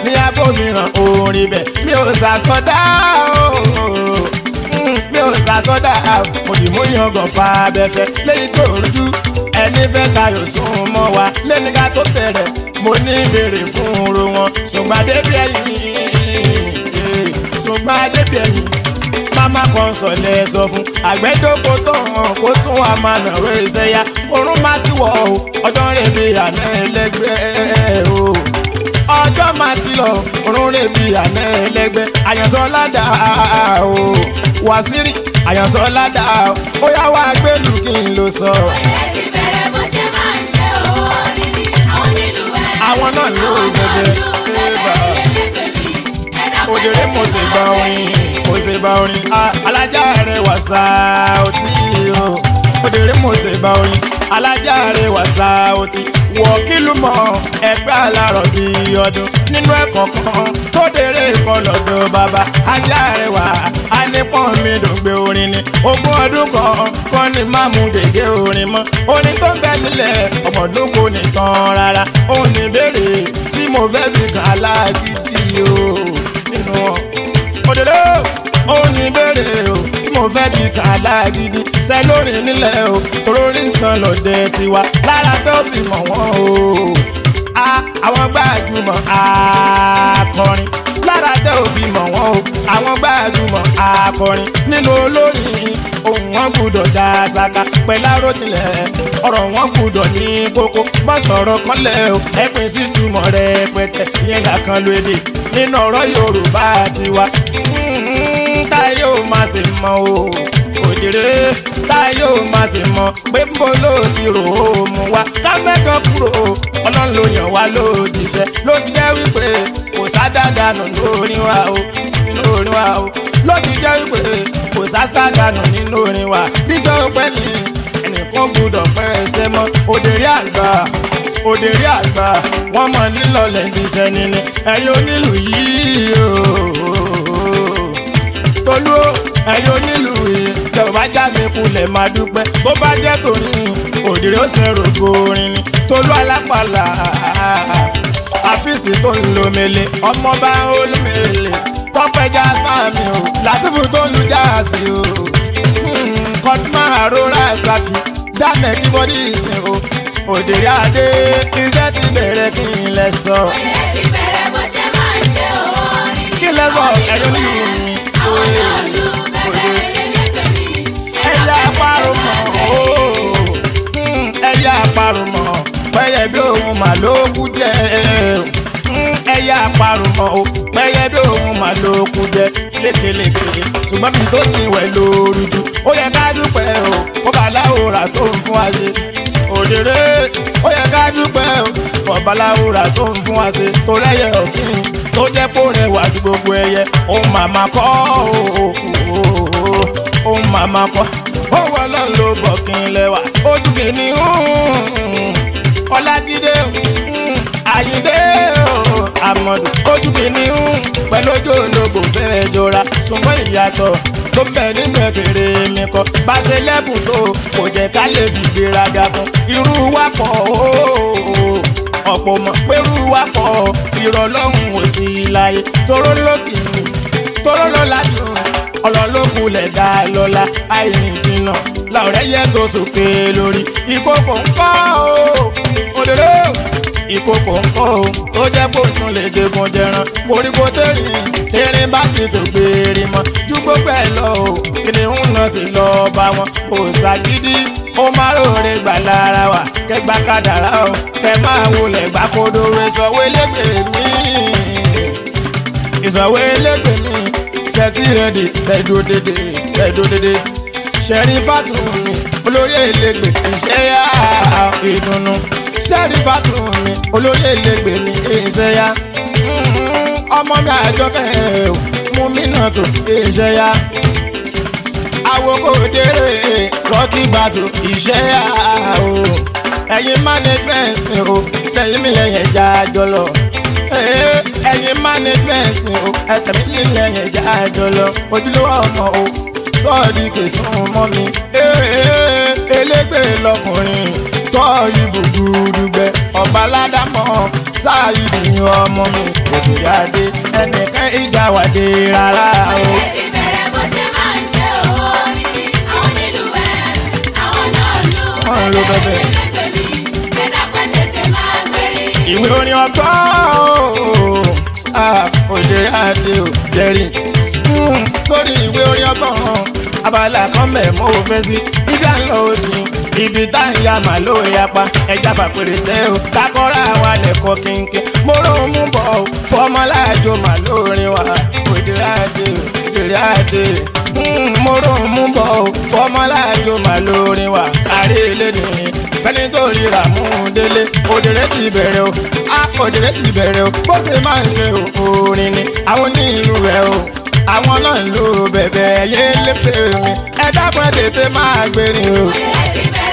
ní abómìíràn orin bẹ́ẹ̀ mi ò sàsọdà ooo sàsọ́dà òdìmúyàn gọ̀fà abẹ́fẹ́ lẹ́yìn tó rújú ẹni fẹ́ tayò sún mọ́ wa lẹ́ni ká tó tẹ̀rẹ̀ mo ní ìbéèrè fún oru wọn ṣùgbọ́n débi ẹ̀yìn ṣùgbọ́n eh, débi ẹ̀yìn mama kọ́ńsọ̀ lẹ sọ fún àgbẹ̀dọ́gbò tó hàn kó tún wà máa nà ró iṣẹ́ yá orún má ti wọ̀ ọ́ ọjọ́ rẹ̀ bí àná ẹlẹ́gbẹ́ o ọjọ́ máa ti lọ òrùn rè bí àná ẹlẹ́gbẹ́ àyànsọ́ ládà o wàsíìrì àyànsọ́ ládà o ó yá wá gbẹ́lú kí n lọ sọ. ẹ̀yẹ ti bẹ̀rẹ̀ bó ṣe máa àwọn náà ló gbẹgbẹ ẹgbà mo ti gba orin mo ti gba orin alájà rẹ wà sáà ó tí ì o òdèrè mo ti gba orin alájàre wàsá òtí wọ́kìlù mọ́ ẹgbẹ́ alárọ̀ bí ọdún nínú ẹ̀kọ́ kan tó dèrè ìkọlọ́dọ̀ bàbá ajáre wà á nípọ̀n mi dògbé orin ni ogún ọdún kan kọ́ ni má mú gègé orin mọ́ orin tó bẹ́ nílẹ̀ ọmọdún kò nìkan rárá òun ní ìbéèrè tí mo fẹ́ fi kàn aláàbí o nínú ọ̀ òdòdó òun ní ìbéèrè o mo fẹ́ kí kàlá gidi ṣẹ́ lórí nílẹ̀ o torórí sàn lọ́dẹ tiwa lára tó fi mọ̀ wọ́n o. àwọn gbajúmọ̀ akọrin lára tó fi mọ̀ wọ́n o. àwọn gbajúmọ̀ akọrin nínú olórin ohùn wọn gbúdọ̀ dá saka pẹ̀lú arótilẹ̀ ọ̀rọ̀ wọn gbúdọ̀ ní kókó bá sọ̀rọ̀ kọ́lẹ̀ o ẹ̀pin sí túmọ̀ rẹ̀ pẹ̀tẹ̀ ìyẹn làkàn lóde nínú ọ̀rọ̀ Yorùbá tiwa máa ṣe mọ o òjèrè táyé ò máa ṣe mọ pé mo ló ti rò ó mu wá kámẹ́kọ̀ kúrò ọlọ́run ló yàn wá lójijẹ́ ló jẹ́ wípé kò sádàdànù lórí wa o lórí wa o ló ti jẹ́ wípé kò sásàdànù nínú orin wa bí sọ pé ní ẹnìkan gbúdọ̀ pẹ́ ẹsẹ̀ mọ́ òdèrè àgbà òdèrè àgbà wọ́n mọ̀ nílọ̀lẹ̀ níṣẹ́ nílẹ̀ ẹ̀yin onílù yìí o tolú o ẹ̀yin onílùú yìí tẹ ò bá já mi kulẹ̀ máa dúpẹ́ bó bá jẹ́ tòní òdìrí ó ṣe rògbò orin ni tolú alápàlà àfíìsì tó ń lo mele ọmọ bá ń olómele tọpẹjà sáàmì o látìfù tó ń lu jáàsì o hmm, kọtùmá àrórà ṣàkì dáná kí bọ́dí ìsìn o òdìrí adé iṣẹ́ ti bẹ̀rẹ̀ kí n lẹ sọ. ẹ̀yẹ́ ti bẹ̀rẹ̀ bó ṣe máa ń ṣe òun. kí lẹ́gbọ̀n ẹ̀yọ́ nínú. àparùmọ̀ pẹ́yẹ bí òun mà ló kú jẹ hmm, ẹyẹ àparùmọ̀ o pẹ́yẹ bí òun mà ló kú jẹ lékeleke ṣùgbọ́n mi tó ti wẹ̀ lóru jù ó yẹ ká dúpẹ́ o ó bá láwòrán tó ń fún wa ṣe òdèrè ó yẹ ká dúpẹ́ o fọ̀báláwòrán tó ń fún wa ṣe tó rẹ́yẹ tó jẹ́ kó rẹwà ju gbogbo ẹyẹ ó màmá kọ́ ó màmá kọ́ ó wọ ọlọ́run ló bọ̀ kí n lẹ́wà ojú kìíní ọlágídé àyíndé amọ̀dù ojú kìíní pẹ̀lú ojú ológun fẹ́ẹ́ jọra ṣùgbọ́n ìyàtọ̀ tó ń bẹ nínú ẹ̀kẹ́rẹ́ mi kọ bá ṣe lẹ́bùn tó kò jẹ́ ká lè fi gbéraga fún irú wa pọ̀ ooo ọ̀pọ̀ mọ̀ pẹ̀lú wa pọ̀ ìrọ̀lọ́hùn ò sí láyé tóró lókè tóró lọ́la dùn ọlọ́lọ́kùn lẹ̀ dá lọ́la àìrìnkìnà làwọ̀rẹ́ yẹ tó sókè lórí ìkókò ń kọ́ o òdòdó ìkókò ń kọ́ o tó jẹ́ kó tún lè dégun jẹran borí kó tẹ̀rìn erin bá ti tó gbèrè mọ́ júgbó pẹ̀ lọ o kìnìún náà sì lọ bá wọn òòsà gidi ó máa ròore gbà lára wa kẹgbà kádàrá o kẹ máa wulẹ̀ gbà kó dòwe sọ̀wé lẹ́gbẹ̀ẹ́ mi ìsọ̀wé lẹ́gbẹ̀ẹ́ ṣẹ́tì rẹ̀dì ṣẹ́jọ́ dédé ṣẹ́jọ́ dédé ṣẹ́rí bàtún mi olórí èlégbè iṣẹ́ yá ìdùnnú ṣẹ́rí bàtún mi olórí èlégbè mi iṣẹ́ yá hmm, ọmọ mi àjọ bẹ́ẹ̀ mú mi náà tó iṣẹ́ yá àwòkọ́ òdèrè rọ́kì bàtún iṣẹ́ yá o ẹ̀yin management o tẹ̀lé mi lẹ́yìn ẹja jọlọ. Eh, ẹ̀yin management ni o ẹsẹ̀ mi lílẹ̀ yẹn já ẹjọ́ lọ ojúlówó ọmọ o sọ́ọ̀dì kẹsàn-án mọ́ mi eh, elégbè lọkùnrin tọ́ọ̀yì gbùgbùdùgbẹ ọba ládàmọ́ sáàyì ni ọmọ mi kòtò jáde ẹnìkan ìjà wàdé rárá o. ọ̀rẹ́ ti bẹ̀rẹ̀ bó ṣe máa ń ṣe òwò ni àwọn nílùú ẹ̀ àwọn náà lù ẹ̀ lẹ́yìn ìwé orin ọgbọ́n òṣèré àti òjẹ̀rì sórí hmm, ìwé orin ọgbọ́n abala kan bẹ̀ mọ́ òfin sí ìjà ń òdì ibi tá ń ya màá ló yapa ẹja fàpèrè tẹ́ o takọ́ra wa lẹ́kọ̀ọ́ kínkín mo rò ó mú bọ̀ ọ́ fọmọláàjò màá lórin wa òjèrè àti òjèrè àti mo rò ó mú bọ̀ ọ́ fọmọláàjò màá lórin wa kárí elédè nítorí Ràmúdélé òdèrè ti bẹ̀rẹ̀ o òdèrè ti bẹ̀rẹ̀ o bó ṣe máa ń ṣe òrin ni àwọn onílù rẹ̀ o àwọn náà ń lo bẹ̀bẹ̀ yé lépè mi ẹ dábọ̀ tètè máa gbèrè o. òdèrè ti bẹ̀rẹ̀.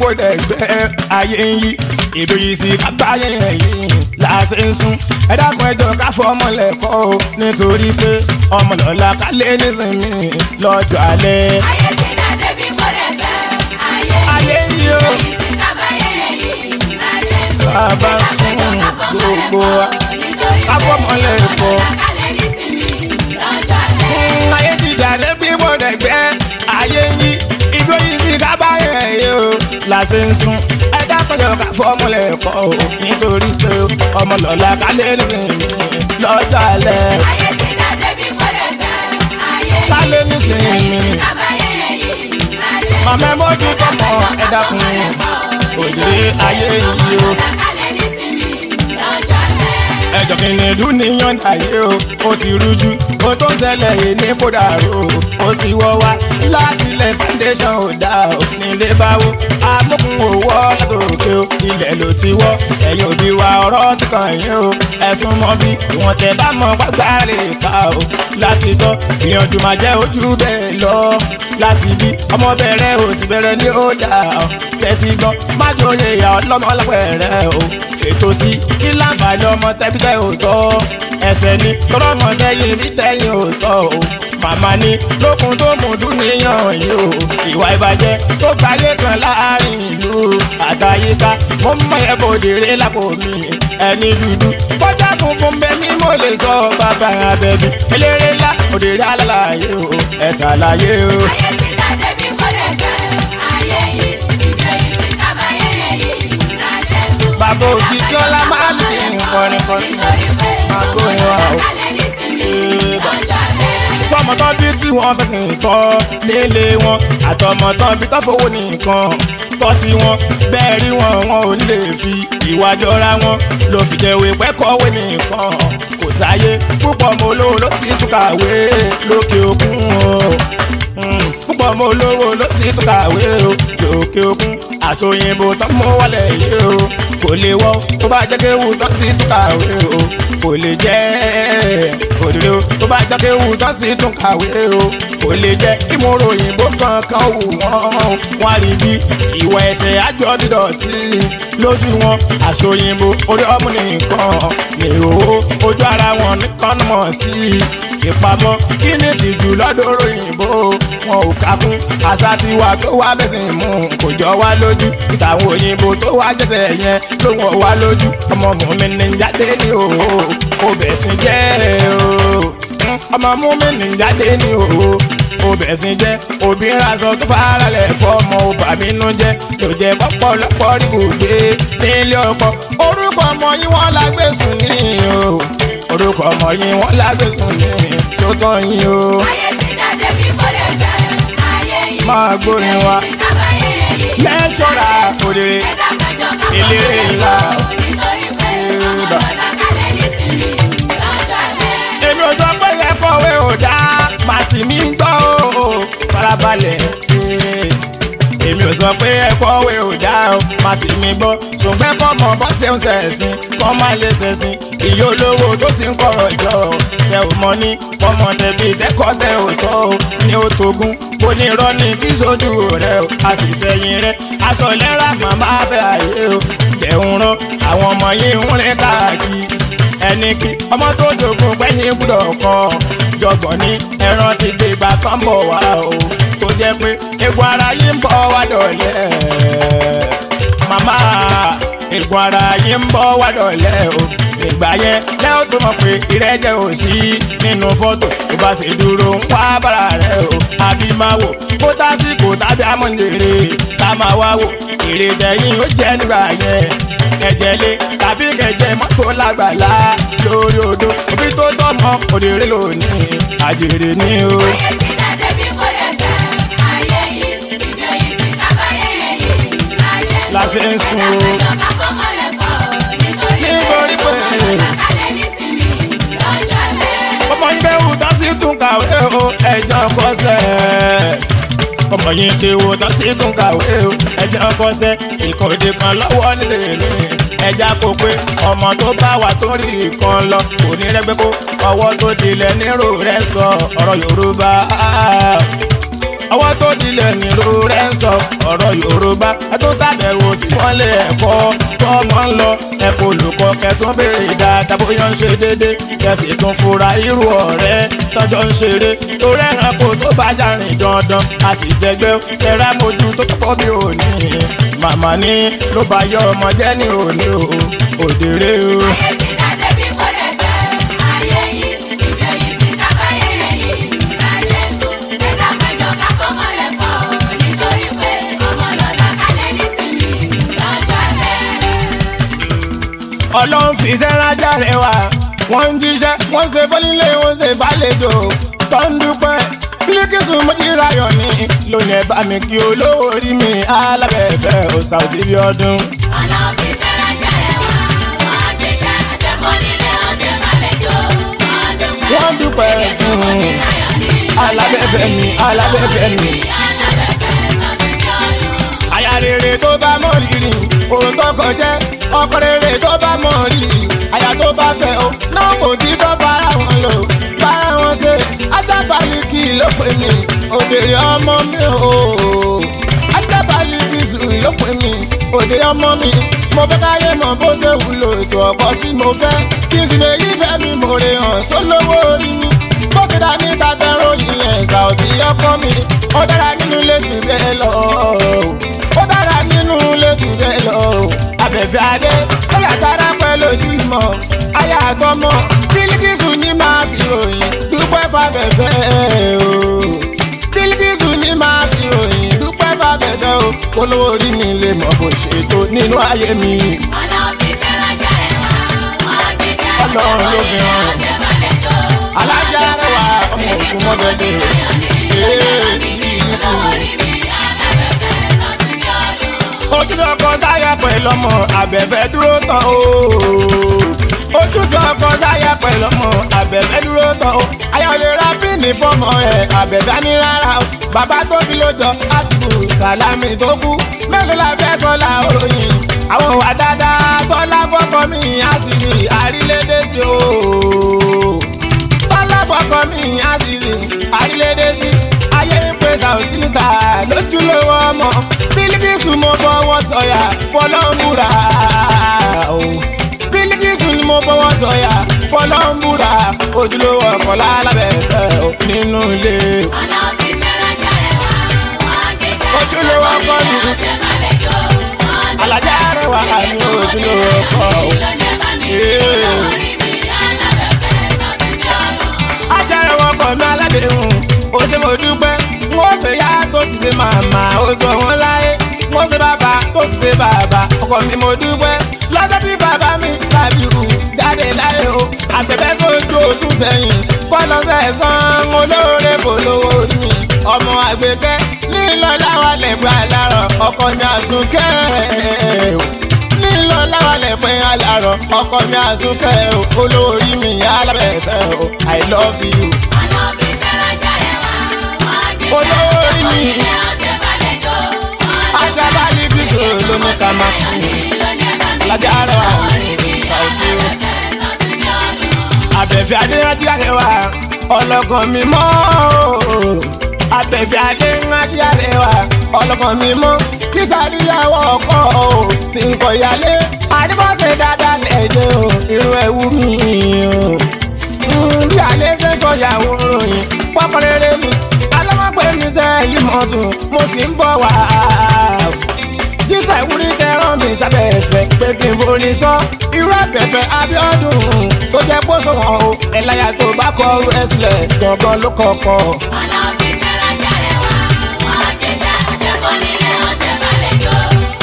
kó dẹ̀gbẹ́ ayé ń yí ètò yìí sì kápáyé ẹ̀yìn láti ń sún ẹ dákun ẹjọ káfọ ọmọ lẹ́kọ̀ọ́ o nítorí pé ọmọ lọ́la kálé nísìnyí lọ́jọ́ alẹ́. ayé ti dá débi kó dẹ̀gbẹ́ ayé ń yí o èyí sì kápáyé ẹ̀yìn láti ń sún ẹ dákun ẹjọ káfọ ọmọ lẹ́kọ̀ọ́ o nítorí pé ọmọ lọ́la kálé nísìnyí lọ́jọ́ alẹ́. ayé ti dá débi kó dẹ̀gbẹ́. la ṣe ń sún ẹ dákọjọ ká fọmúlẹ̀ pọ̀ o nítorí pé ọmọ lọ́la kálẹ̀ ní lọ́jọ́ alẹ́. ayé ti dá débi kọ́lẹ̀ bẹ́ẹ̀ ayé kálẹ̀ ní sinmi. màmá ẹ mójú tó mọ ẹ dákun òjì ayé yìí o ẹjọ́ kìnìún níyàn láyé o ó ti rújú ó tó ń ṣẹlẹ̀ yìí ní kó dàrú o ó ti wọ́ wá láti ilẹ̀ foundation ò dá o nílé báwo amókun òwò látòkè o ilẹ̀ ló ti wọ́ ẹ̀yìn òbí wa ọ̀rọ̀ ti kàn yín o ẹ̀sùn mọ́ bí ìwọ̀n tẹ̀ bá mọ̀ gbàgbà lè ká o láti tọ́ ìyànjú máa jẹ́ ojú bẹ́ẹ̀ lọ láti bí ọmọ bẹ̀rẹ̀ o sì bẹ̀rẹ̀ ní ó dà o tẹ̀sí gan májòyè ìyá ọlọ́mọ ọlọ́pẹ̀rẹ̀ o ètò sí kí láǹfààní ọmọ tẹ́bí jẹ́ òótọ́ ẹsẹ̀ ni tọ́lọ́mọdé yìí rí tẹ́yìn òótọ́ o màmá ni lókun tó mùdú níyàn yìí o ìwà ìbàjẹ́ tó gbayé kan láàrin ìlú àtàyíká mo mọ ẹbọ òdèrè lápò mi ẹni dúdú kọjá funfun bẹ mí mo lè sọ bàbá abẹbí eléré ńlá òdèrè alálàyé o ẹ ṣàlàyé o. ayé ti dá débi kọ́lẹ̀ bẹ́ẹ̀ ayé yìí ìbẹ̀yìn sí kábàyé yìí láṣẹ. bàbá kọrin kọrin máa gbó ẹwà o. sọmọtán bí tí wọ́n fẹsẹ̀ nǹkan nílé wọn àtọmọtán bí tọ́fowó nìkan tọ́ sí wọn bẹ́ẹ̀ rí wọn wọn ò lè fi ìwà jọra wọn ló fi jẹ̀wé pẹ́kọ̀ọ́wé nìkan kò sáyé púpọ̀ mọ́ olówó ló ti tún kàwé lókè òkun o hmm, púpọ̀ mọ́ olówó ló ti tún kàwé o lókè òkun àsòyìnbó tán mọ́ wálẹ̀ yìí o kò lè wọ́ tó bá jẹ́ kéwù tán sí tún kàwé o kò lè jẹ́ òdòdó tó bá jẹ́ kéwù tán sí tún kàwé o kò lè jẹ́ kí mo ròyìn bó kankan wù wọ́n wọ́n á rí bí ìwà ẹ̀sẹ̀ àjọ dídọ̀tí lójú wọn àṣòyìnbó orí ọmú nìkan èrò ojú ara wọn nìkan mọ̀ sí i ìpamọ́ kí ni tìjú lọ́dọ̀ òyìnbó wọn ò kákún àṣà tiwa tó wá bẹ̀sẹ̀ mú kò jọ wá lójú ìtàwọn òyìnbó tó wá jẹ́sẹ̀ yẹn ló wọ̀ wá lójú ọmọ mọ̀mí ni jáde ní òwò kò bẹ̀sìn jẹ́ o ọmọ mọ̀mí ni jáde ní òwò obẹ̀sìn jẹ́ obìnrin aṣọ tó fara lẹ̀ fọ́ ọmọ ọba bínú jẹ́ tó jẹ́ pọ́pọ́lọpọ́ rí gòkè nílé ọkọ orúkọ ọmọ yín wọ́n lágbèsùn ní o orúkọ ọmọ yín wọ́n lágbèsùn ní o tó tọ́ yín o. ayé ti dájẹ́ bí kò lè fẹ́ ayé yìí. máa gbórin wa. lẹ́tọ́ra òde eléré ńlá. èmi ò sọ pé lẹ́kọ̀ọ́wé ò dá màsí mi ń gbọ́ o farabalẹ̀. èmi ò sọ pé ẹ̀kọ́wé ò dá o máa sì mi gbọ́ ṣùgbẹ́ kọ́ mọ̀ bọ́ ṣeun ṣẹ̀sìn kọ́ máa lè ṣẹ̀sìn ìyá olówó tó sì ń kọ̀rọ̀ ìjọ ṣe ò mọ ní ọmọ tẹ̀bí ìtẹ́kọ̀ọ́ tẹ ò tọ́ o ní o tógún kò ní irọ́ ní kí sójú rẹ o a sì sẹ́yìn rẹ aṣọ lẹ́ra màmá fẹ́ àyè o jẹun rán àwọn ọmọ yìí ń rìn káàkiri ẹni kí ọmọ tó dogun pẹ́yìn gbúdọ̀ kọ́ jọgbọ̀n ní ẹran ti gbé ibà kan bọ̀ wá o tó jẹ́ pé egbò ara yìí ń bọ̀ wá dọ̀lẹ́. Mama, ìgbọ̀n ara yìí ń bọ́ wá dọ̀lẹ́ o ìgbà yẹn lẹ́wọ́ tó mọ̀ pé ìrẹ́jẹ ò sí nínú fọ́tò tó bá sì dúró ń wá bàrà rẹ̀ o àbí máa wò kó tásìkò tàbí amúnjèrè ká máa wá wò èrè tẹ̀yìn ó jẹ́ nígbà yẹn ẹ̀jẹ̀lé tàbí kẹ̀jẹ̀ mọ́tò lágbàlá lórí odò òbí tó tọ́ mọ́ òdèrè lónìí àjèrè ni o. la fi ń sun o. nítorí pé ọmọ yín bẹ́ẹ̀ wù tá sí tún kàwé o ẹjọ́ kọ́sẹ̀. ọmọ yín ti wù tá sí tún kàwé o ẹjọ́ kọ́sẹ̀ ìkòdì kan lọ́wọ́ nílé mi ẹja kò pé ọmọ tó bá wà tó rí nǹkan lọ kò ní rẹ́gbẹ́ kó ọwọ́ tó dilẹ̀ nírò rẹ̀ sọ ọ̀rọ̀ Yorùbá ọwọ́ tó dilẹ̀ nílò rẹ̀ ń sọ ọ̀rọ̀ Yorùbá àtúntàbẹ̀wò sí wọlé ẹ̀kọ́ tó ọmọ ń lọ ẹ̀kọ́ olùkọ́ kẹtún béèrè dáadáa bóyá ń ṣe déédé kẹsì tún fura irú ọ̀rẹ́ tọ́jọ́ ń ṣeré torí ẹranko tó bá jàrìn dandan a sì jẹgbẹ́ tẹ̀rẹ́ mojú tó pọ̀ bí òní màmá ní ló bá yọ ọmọ jẹ́ ní òní o òdèrè o. ọlọ́run fi iṣẹ́ rájà rẹ̀ wá wọ́n ń jíṣẹ́ wọ́n ṣe bọ́lílé wọ́n ṣe bálejò tó ń dúpẹ́ bílíkìsù mojírayọ̀ ni lónìí ẹ̀bá mi kí olówó rí mi alábẹ̀ẹ́bẹ̀ òòsà òsì bí ọdún. ọlọ́run fi iṣẹ́ rájà rẹ̀ wá wọ́n ń jíṣẹ́ ṣe bọ́lílé wọ́n ṣe bálejò wọ́n dúpẹ́ alábẹ̀ẹ́bẹ̀ mi alábẹ̀ẹ́bẹ̀ mi àyà rere tó bá mọ̀ rírì òun tó kọjẹ́ ọkọ rere mọ̀ rí àyà tó bá fẹ́ o náà kò tí bọ́ bára wọn lò bára wọn ṣe Ajabaliki ló pè mí òdèrè ọmọ mi o Ajabaliki zù ló pè mí òdèrè ọmọ mi mo fẹ́ káyé mọ̀ bó ṣe wúlò ètò ọ̀pọ̀ tí mo fẹ́ kí n sì lè yí fẹ́ mi mo rè hàn sólówó orí mi bó ṣe dá ní tàbí ẹ̀rọ yìí ẹ̀ ṣàòdì ọkọ mi ó dára nínú ilé jù bẹ́ẹ̀ lọ ó fẹ́ o. bílíkìsù ní máa fi ròyìn dúpẹ́ fàbẹ̀dẹ̀ o. polówó orí mi lè mọ bó ṣe tó nínú ayé mi. ọlọ́run ló fi hàn. alájà rẹwà ọmọ òkú mọ́dọ̀dẹ̀. ojú ọkọ sáyà pẹ̀lú ọmọ abẹ́fẹ́ dúró tán o ojú sọ kan sáyà pẹ̀lú ọmọ àbẹ̀bẹ̀ dúró tán o ayọ̀lẹ̀ rábìnì fọmọ ẹ̀ àbẹ̀bẹ̀ ní rárá o bàbá tó fi ló jọ àtùkù sàlámì tó kú mélòó la fẹ́ sọ́la òròyìn àwọn òwà dáadáa tọ́lá fọ́kọ mi àṣìṣe àrílédè sí o tọ́lá fọ́kọ mi àṣìṣe àrílédè sí ayé ń pè sàwùsí níta lójúlówó ọmọ bílíbí sùn mo fọwọ́ sọ̀yà fọlọ́mùra o mo fọwọ́ sọ̀yà fọlọ́n búra ojúlówó ọkọ̀ lálábẹ́sẹ̀ nínú ilé. ojúlówó ọkọ̀ ni alájà rẹ̀ wà ní ojúlówó ọkọ̀. ajá rẹ̀ wọ́n kọ̀ mí aládéhùn ó ṣe mo dúpẹ́ mo ṣe yá tó ti ṣe màmá ó sọ wọn láyé mo ṣe bàbá tó ti ṣe bàbá ọkọ mi mo dúpẹ́ bàbá mi Kàbírù jáde láyé o àgbẹ̀fẹ́ fojú ojú sẹ́yìn kọ́nà sẹ̀sán olóore polówó ni ọmọ àgbẹ̀kẹ́ nílò láwọn lẹ́gbẹ́ alárọ̀ ọkọ mi àsùnkẹ́ nílò láwọn lẹ́gbẹ́ alárọ̀ ọkọ mi àsùnkẹ́ olórí mi alábẹ̀fẹ́ o I love you. olórí mi. jáde mi. wọ́n á gbé sẹ́ra sọ́kùnrin ọ̀sẹ̀ balẹ̀ jọ. ajabali bí sòlómù kàmákì gyarawa abẹ́fẹ́ adé ajárewa ọlọ́kàn mi mọ́ abẹ́fẹ́ adé ajárewa ọlọ́kàn mi mọ́ kísàríyàwó ọkọ o ti ń kọ ìyálé àdébọ̀sẹ̀ dáadáa lẹ́jẹ̀ o irú ẹ̀wù mi o bí alẹ́ ṣe sọ ìyàwó ròyìn pọ́pọ́rẹ́rẹ́ mi alọ́mọ̀pẹ́ mi sẹ́ẹ̀lì mọ́tò mo sì ń bọ̀ wá jísà ìwúrí tẹ boundaries abẹ́ ẹ̀sẹ̀ pé kí n forí sọ irú àpẹ̀fẹ̀ Abíọ́dún tó jẹ́ pósò wọn o ẹ̀láyà tó bá kọ ọ́rú ẹ̀sìlẹ̀ gangan ló kọ̀ọ̀kọ̀. ọlọ́ọ̀bí sára jáde wá wọn á jẹ ṣá àṣẹ́kọ̀ọ́ nílé ọ̀ṣẹ́ balẹ̀ jọ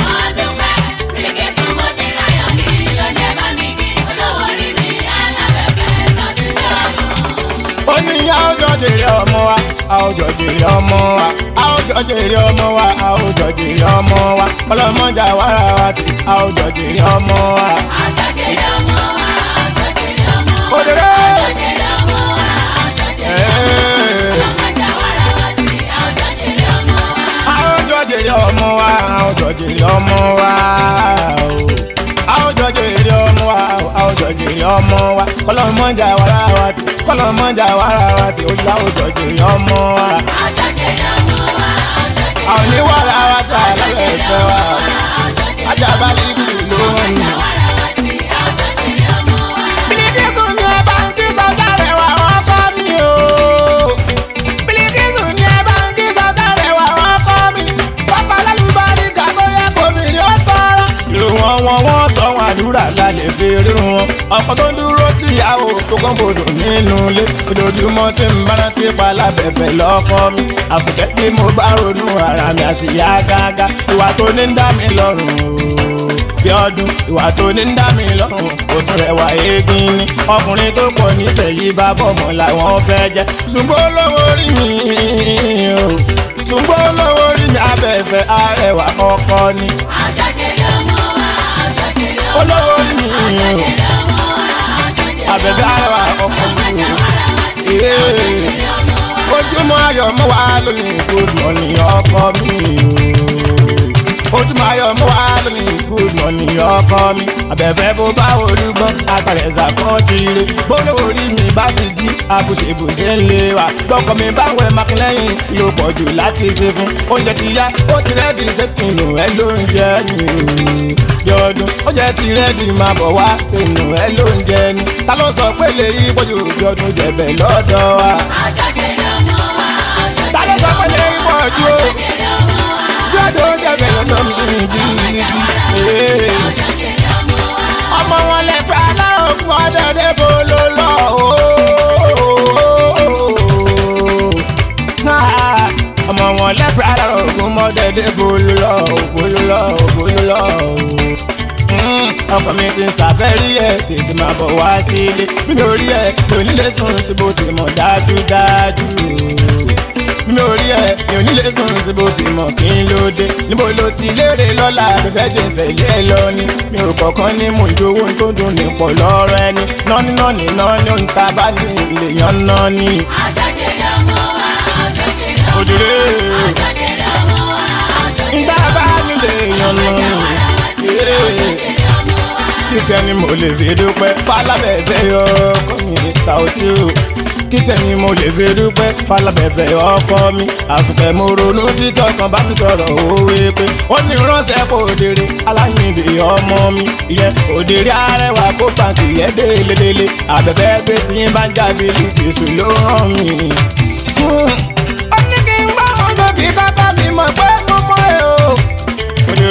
wọn dúpẹ́ bílíkì tó mọ́ ti láyọ̀ ní lọ́jẹ́ bá mi kí olówó rí mi alábẹ́fẹ́ sọ́dún náà. ó ní yá ó jèrè ọmọ wa a ó jọ jèrè ọmọ wa a ó jọ jèrè ọmọ wa a ó jọ jèrè ọmọ wa ọlọ́mọdé àwárà wa ti a ó jọ jèrè ọmọ wa. a jọ jèrè ọmọ wa a jọ jèrè ọmọ wa a a jọ jèrè ọmọ wa a jọ jèrè ọmọ wa. a ó jọ jèrè ọmọ wa a ó jọ jèrè ọmọ wa a ó jọ jèrè ọmọ wa wa àwòjọ̀gìrì ọmọ wa kọlọ́mọjà wàrà wa ti kọlọ́mọjà wàrà wa ti ojú àwòjọ̀gìrì ọmọ wa. àwọn oníwàrà wa ta lọ́wọ́ ẹ̀fẹ́ wa ajábálẹ̀ ìgbìlú ló ń yàn. bodò nínú ilé ojoojúmọ́ tí ń bára tí pala bẹ̀bẹ̀ lọ́kọ mi àfùkẹ́ bí mo bá ronú ara mi àṣìyá gágá ìwà tó ní ń dá mi lọ́rùn bí ọdún ìwà tó ní ń dá mi lọ́rùn òtún rẹwà eégún ni ọkùnrin tó pọ̀ nísẹ̀yí bá bọ̀mọ̀ làwọn fẹ́ jẹ́ ṣùgbọ́n lọ́wọ́ rí mi o ṣùgbọ́n lọ́wọ́ rí mi abẹ́fẹ́ arẹwà ọkọ ni. àjàkẹ́lẹ́ ọmọ wa àjàkẹ́lẹ́ ọmọ wa àjàkẹ́lẹ́ ọmọ wa àbẹ̀bẹ̀ àwa ọkọ̀ mi o. ojúmọ́ ayọ̀ mọ́ wa lónìí good morning ọkọ mi o. ojúmọ́ ayọ̀ mọ́ wa lónìí good morning ọkọ mi. àbẹ̀fẹ́ bó bá olúgbọ́n àtàrẹ̀sà kan jíire. bólú orí mi bá ti jí àbùṣebùṣe ń lé wa. lọ́kọ̀ mi bá wẹ̀ mákìlẹ́yìn ló pọ̀ jù láti ṣe fún. oúnjẹ ti yá ó ti rẹ́ẹ̀dì ṣé kìnnìún ẹ ló ń jẹ́ yìí òjọ̀dún ó ti rẹ́dì máa bọ̀ wá sínú ẹ ló ń jẹ ni ta ló sọ pé lè yí pọ̀jù òjọ̀dún jẹ̀bẹ̀ lọ́dọ̀ wa. ta ló sọ pé lè yí pọ̀jù òjọ̀dún jẹ̀bẹ̀ lọ́dọ̀ mi gidigidi. ọmọ wọn lè pẹ́ alárò fún ọdẹọdẹ bó ló lọ o. ọmọ wọn lẹ́pẹ́ alárò fún ọdẹọdẹ bó o bó ló lọ o bó ló lọ o ọkọ mi ti ń sàfẹ́rí ẹ̀ tètè máa bọ̀ wá sílé mi lórí ẹ̀ onílé sùn sí bó ti mọ̀ dájúdájú mi lórí ẹ̀ onílé sùn sí bó ti mọ̀ kí n lóde níbo ló ti léèrè lọ́la bẹ́ẹ̀ jẹ́ tẹ̀lé ẹ lọ ni mi ò kọ̀ọ̀kan ní mò ń jowó tó dùn ní pọ̀ lọ́rọ̀ ẹni nọ́ni nọ́ni nọ́ni ohun tá a bá ní lèèyàn náà ni. àjọjẹ̀ lọ́mọ wa àjọjẹ̀ lọ́mọ wa àjọjẹ̀ lọ́mọ wa àjọjẹ̀ lọ́mọ wa wa àjọjẹ̀ lọ́mọ wa wa àjọjẹ̀ lọ́mọ wa wa àjọjẹ̀ lọ́mọ wa wa àjọjẹ̀ lọ́mọ wa wa àjọjẹ̀ lọ́mọ wa wa àjọjẹ̀ lọ́mọ wa wa àjọjẹ̀ lọ́mọ wa wa àjọjẹ̀ lọ́mọ wa wa àjọjẹ̀ lọ́mọ wa wa àjọjẹ̀ lọ́mọ wa wa àjọjẹ̀ lọ́mọ wa wa àjọjẹ̀ lọ́mọ wa wa àjọjẹ̀ lọ́mọ wa wa àjọjẹ̀ lọ́mọ wa wa àjọjẹ̀ lọ́mọ wa wa àjọjẹ̀ lọ́mọ wa wa àjọjẹ̀ lọ́mọ wa wa àjọjẹ̀ lọ́mọ wa ni mo lè fi dúpẹ́ falábẹ́sẹ̀ yọ ọkọ mi Saoty o kìtẹ́ni mo lè fi dúpẹ́ falábẹ́sẹ̀ ọkọ mi àtùpẹ́ mo ronú títọ́ kan bá mi sọ̀rọ̀ òwe pé ó ní ránṣẹ́ kó òdèrè aláyìnbí ọmọ mi ìyẹn òdèrè arẹwà kó pàǹtì yẹ délédélé àbẹ̀bẹ̀ gbé tí ń bá jábìlì jésù ló rán mi. Hmm. ó ní kí n bá wọn sọ kíkọ́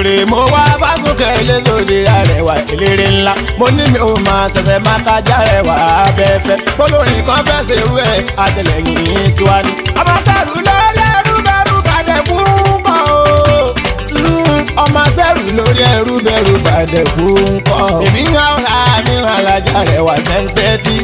Eléré mo wá bá sókè lélórí arẹwà eléré ńlá. Mo ní mi ò máa ṣẹ̀ṣẹ̀ máa kájà rẹwà abẹ́fẹ́. Olórin kan fẹ́ ṣe wú ẹ̀ àtẹlẹ́yìn tiwa ni. Ọmọ sẹ́rù lọ́lẹ́rú bẹ̀rù bàdẹ̀ fún bọ̀ o. Ọmọ sẹ́rù lórí ẹrú bẹ̀rù bàdẹ̀ fún kọ́. Èmi ń ra ọ̀rá mi ń ra alájà rẹwà sẹ́ńtẹ́tì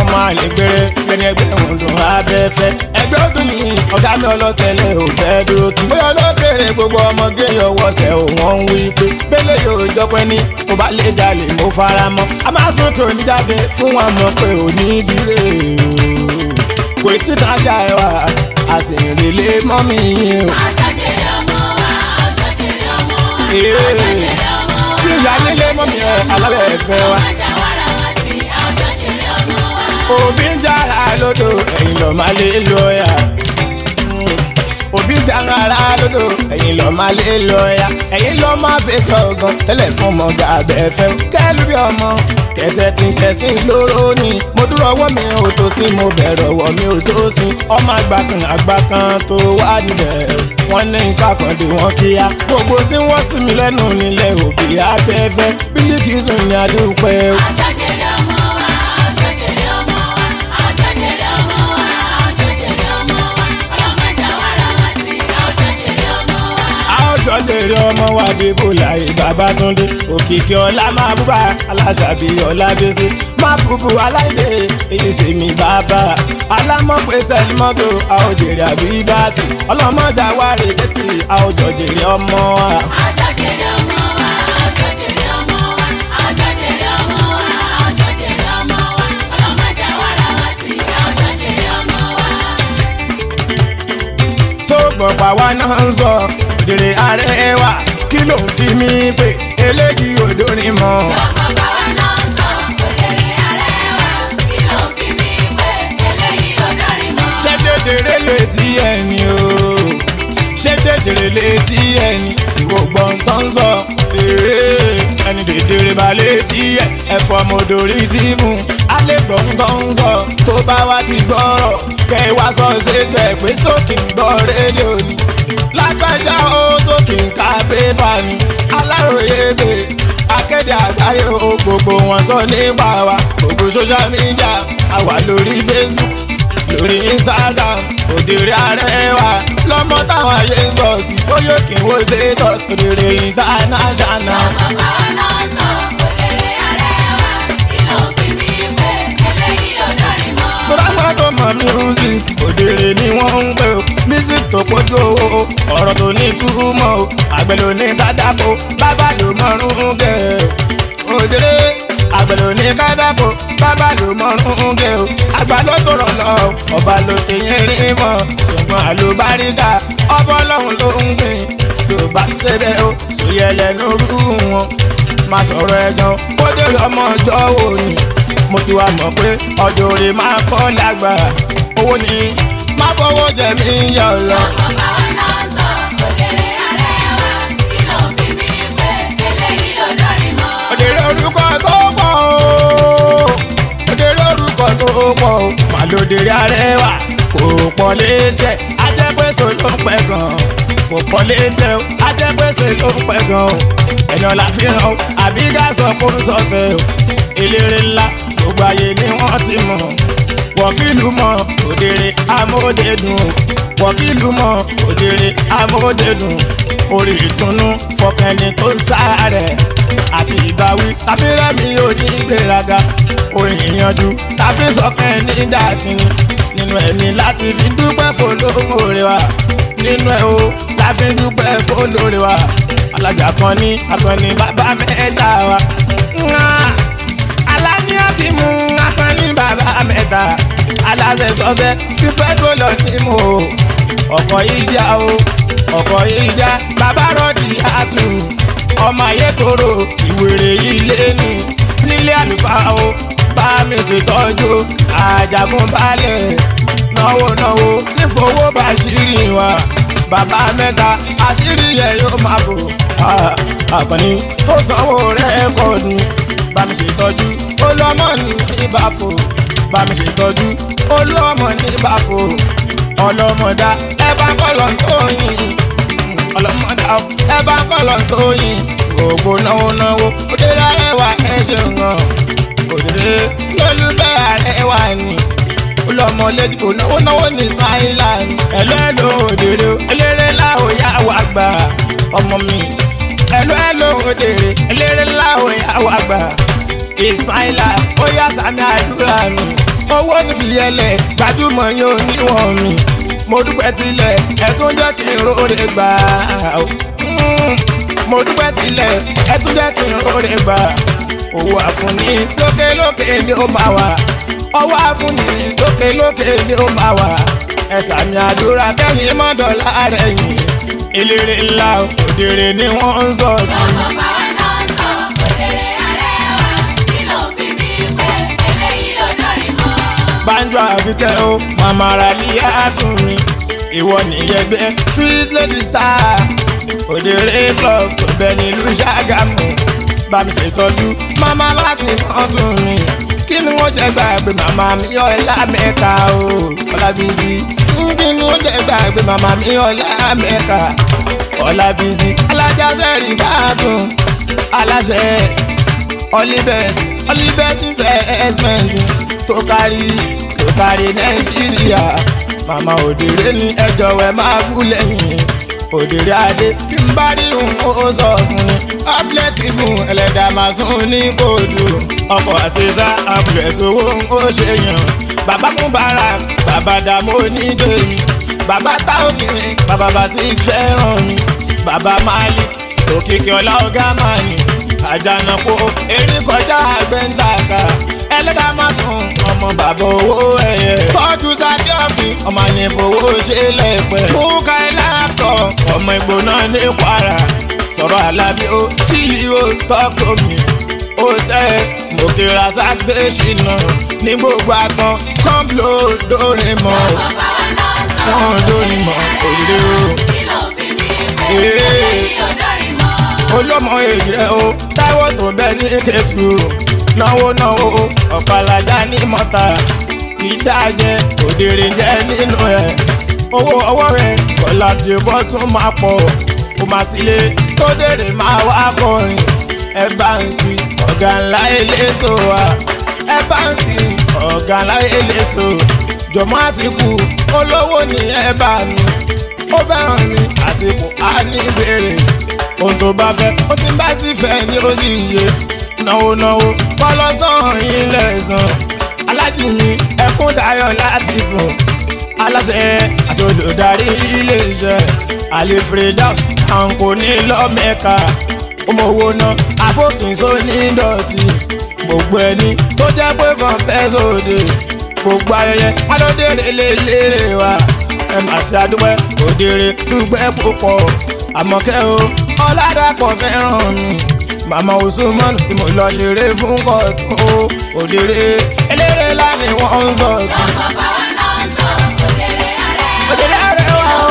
ọmọ àlègbére gbẹnẹgbẹ wọn lò abẹ́fẹ́ ẹgbẹ́ obìnrin ọ̀gá mi ọlọ́tẹ̀lẹ̀ ò fẹ́ dúró kí. bóyá olóbèrè gbogbo ọmọge yọwọ́sẹ̀ òun ń wí pé bẹ́lẹ̀ yóò jọpẹ́ ní kò bá lè jalè mo fara mọ́ a máa sún kí omi jáde fún wọn mọ̀ pé òní ìdílé kò tí tàn já ẹ wá a sì rìn lé mọ́ mi. àjàkẹ́ ọmọ wa àjàkẹ́ ọmọ wa àjàkẹ́ ọmọ wa. kí ìyá nílé mọ́ mi ẹ̀ alábẹ́ẹ̀fẹ́ wa òbí ń jára lódò ẹ̀yìn lọ máa lè lọ́ọ̀yà òbí jára ara lódò ẹ̀yìn lọ máa lè lọ́ọ̀yà ẹ̀yìn lọ máa fi sọ̀gàn tẹ́lẹ̀ fún ọmọ gàbẹ́ fẹ́ kẹ́lú bí ọmọ kẹsẹ̀ tí kẹsí lóró ni mo dúró ọwọ́ mi ò tó sí mo bẹ̀rẹ̀ ọwọ́ mi ò tó sí ọmọ àgbà kan àgbà kan tó wá níbẹ̀ wọ́n ní nǹkan kan dé wọ́n kíá gbogbo sí wọ́n sí lẹ́nu nílẹ̀ òkè afẹ́fẹ́ bílíkì sùn ní adúpẹ́. èrè ọmọ wa dìbò láì bàbá túndé òkìkí ọlá máa búbà aláṣàbí ọlábẹsẹ máa búbu aláìlè èyí ṣe mi bàbá alámọ̀pẹ̀sẹ̀ mọ́tò àòjèrè àbí bàtì ọlọ́mọdà wà rè létí àòjọ̀jèrè ọmọ wa. àjọjèrè wa náà ń sọ ògèrè arẹwà kí ló ń fi mí pè eléyìí òdo ni mọ́. bàbá wa náà sọ ògèrè arẹwà kí ló ń fi mí pè eléyìí òdo ni mọ́. ṣé létí ẹni o ṣé létí ẹni ìwò gbọ̀ngàn sọ èrè ẹni dédèrè balẹ̀ tí ẹ̀fọ́ mọ́dọ̀rí ti fún lè gbọ̀ngbọ̀ngbọ̀ tó bá wá ti gbọ́rọ̀ kẹ́ ẹ wá sọ ṣe jẹ́ pé sókè ń gbọ́ rédíò ni. lágbájá ó sókè ń ka pépà ni aláròye bè akéde àgbáyé o gbogbo wọn sọ nípa wa gbogbo social media àwa lórí Facebook lórí Instagram òdèrè arẹwà lọmọ táwọn ayé ń sọ sí bóyá kí n wo ṣe tọ́sí rere international. wọ́n ń gbé o music tó kojú owó ọ̀rọ̀ tó ní túmọ̀ o àgbẹ̀ ló ní kádàpọ̀ bàbá ló mọ̀rún gẹ̀ e. òdèrè àgbẹ̀ ló ní kádàpọ̀ bàbá ló mọ̀rún gẹ̀ e o àgbà ló sọ̀rọ̀ lọ ọba ló ti yín rí mọ̀ ṣùgbọ́n àlùbáríkà ọbọ̀ lọ́hùn ló ń gbìn tí ò bá ṣe o sòyẹ lẹ́nu rú wọn má sọ̀rọ̀ ẹ̀gàn kó lọ́mọ ọjọ́ òní mo ti wá mọ̀ pé ọjọ́ òní máa kọ́ lágbára owó ni má fọwọ́ jẹ mí yọ̀ lọ. òdèrè orúkọ tó pọ̀ o òdèrè orúkọ arẹwà kò pọ̀ lẹ́sẹ̀ ajẹ́pẹ̀sẹ̀ ló ń pẹ́ gan-an kò pọ̀ lẹ́sẹ̀ o ajẹ́pẹ̀sẹ̀ ló ń pẹ́ gan-an o la fi hàn o àbí ká sọ fún sọ́tẹ̀ o eléré ńlá gbogbo ayé ni wọ́n ti mọ̀ wọ̀kìlù mọ̀ òdèrè amóhódédùn wọ̀kìlù mọ̀ òdèrè amóhódédùn orí ìtùnú fọkànlẹ̀ tó ń sá rẹ̀ àti ìbáwí tàbírẹ́mi onígbèraga orin ìyanjú tàbí sọkàn ní dàtìní nínú ẹ̀mí láti fi dúpẹ́ polówó rẹ̀ wá nínú ẹ̀ o láti dúpẹ́ polówó rẹ̀ wá alájà kan ní akọni bàbá mẹ́ta wa. aláníyàn ti mú un dáadáa aláṣẹ sọsẹ sí pẹtrol ọtí mu o ọkọ ìjà o ọkọ ìjà bàbá rọdì àtù ọmọ ayétoro ìwèrè ilé mi nílé àlùfáà o bá mi ṣètọ́jú àjàgùn balẹ̀ náwó náwó nífowó bá ṣírí wa bàbá mẹ́ta àṣírí yẹ yóò máa bò àkànní tó sanwó rẹ̀ kọ́ọ̀dù bá mi ṣètọ́jú ó lọ́mọ ní ìbáfò bá mi ṣètọ́jú olóòmọ ní bàfò ọlọ́mọdá ẹ bá kọ́lọ̀ tó yìn ọlọ́mọdá ẹ bá kọ́lọ̀ tó yìn gbogbo náwó náwó òdèrè àrẹwà ẹ ṣeun hàn òdèrè lólùfẹ́ àrẹwà ni olọ́mọ lẹ́dìbò náwó náwó ní sáyẹ́lá ẹlẹ́lò òdèrè eléré láòyà wà gbà ọmọ mi ẹlẹ́lò òdèrè eléré láòyà wà gbà my ìsmáìlà ó yá sàmì àdúrà mi owó sì fi yẹlẹ̀ gbajúmọ̀ yóò níwọ̀n mi mo dúpẹ́ tilẹ̀ le, etu jẹ́ kí n róore gbà ó mo dúpẹ́ tilẹ̀ ẹ tún jẹ́ kí ba. róore mm, gbà owó àfúnni lókèlókè ni ó máa wà ọwọ́ àfúnni lókèlókè ni ó máa wà ẹ sàmì àdúrà kẹ́yìn mọ́dọ̀lá rẹ̀ yìí eléré ńlá òdèrè ni wọ́n ń sọ sí. lójú àfikẹ́ o màmá ra líyà tún mi ìwọ nìyẹn gbé sweet lady star òdèrè club tó bẹ nílùú Ṣàgámù bá mi ṣètọ́jú màmá láti kàn tún mi kí ni wọ́n jẹ́ gbàgbé màmá mi yọ ẹ̀lá mẹ́ta o oh? Ọlábísí kí ni wọ́n jẹ́ gbàgbé màmá mi yọ ẹ̀lá mẹ́ta Ọlábísí alájà sẹ́rì káàtún aláṣẹ ọlíbẹ̀ẹ́sì ọlíbẹ̀ẹ́sì fẹ́ẹ́sì tó kárí tó kárí nàìjíríà màmá òdèrè ní ẹjọ́ ẹ máa kú lẹ́yìn òdèrè adé bí n bá rí òun ó sọ fún ọ́pìlẹ́tì fún ẹlẹ́dàá máa sún ní kóòdù ọkọ̀ àṣeṣá àpilẹ̀sọ owó ó ṣe yàn bàbá mú bàrà bàbá dààmú oníjòyè bàbá táwọnìrìn bàbá bàṣẹ fẹ́ràn mi bàbá máàlì òkìkí ọlá ọgá máa àjànàkó erékọjá àgbẹ̀ńtàkà ẹlẹ́dàá má sùn ọmọ bàbá owó ẹ̀yẹ. tọ́jú sábì ọ̀fìn ọmọ àyè fowó ṣe lẹ́pẹ́. múkà ìlàtọ̀ ọmọ ìgbóná ní kwara sọ̀rọ̀ alábí ó sí ìhó tọ́kọ mi ó tẹ́ òkè razak gbé ṣìnà ní gbogbo àtàn kọ́ńbìlì ó dóore mọ́ wọ́n dóore mọ́ òde o. olómọ èyí rẹ o táwọn tó bẹ ní kékeré náwó náwó ọ̀fàlàjà ní mọ́ta ìjà jẹ òdèrè jẹ nínú ẹ̀ owó ọwọ́ rẹ̀ kọ̀là tí bọ́ tún máa pọ̀ kò má sílé tó dèrè máa wá kọrin ẹ bá ń kí ọ̀gá ńlá eléso wa ẹ bá ń kí ọ̀gá ńlá eléso jọ̀mọ́ àfikù olówó ni ẹ bá mi ó fẹ́ràn mi àti kò á ní ìbéèrè ohun tó bá fẹ́ ó ti bá sí fẹ́ ní oníyè náwó náwó bọ́lọ́sàn ilẹ̀ sàn alájì mi ẹkún dayọ̀ láti fún aláṣẹ àtolùdarí ilé iṣẹ́ àlefredas àǹkó ní lọ́mẹ́ka ọmọwó náà àfòkìnso ní dọ̀tí gbogbo ẹni tó jẹ́ pé kàn fẹ́ sóde gbogbo ayẹyẹ alódèrè lélẹ́rẹ̀ wa ẹ má ṣe àdúpẹ́ òdèrè dúpẹ́ púpọ̀ àmọ́kẹ́ o ọ̀làdàpọ̀ fẹ́ràn mi màmá Usman tí mo lọ ṣeré fún kọ̀tún ó òdèrè eléré láti wọ́n ń sọ. ọmọ bàbá náà ń sọ òdèrè ààrẹ òdèrè ààrẹ wa o.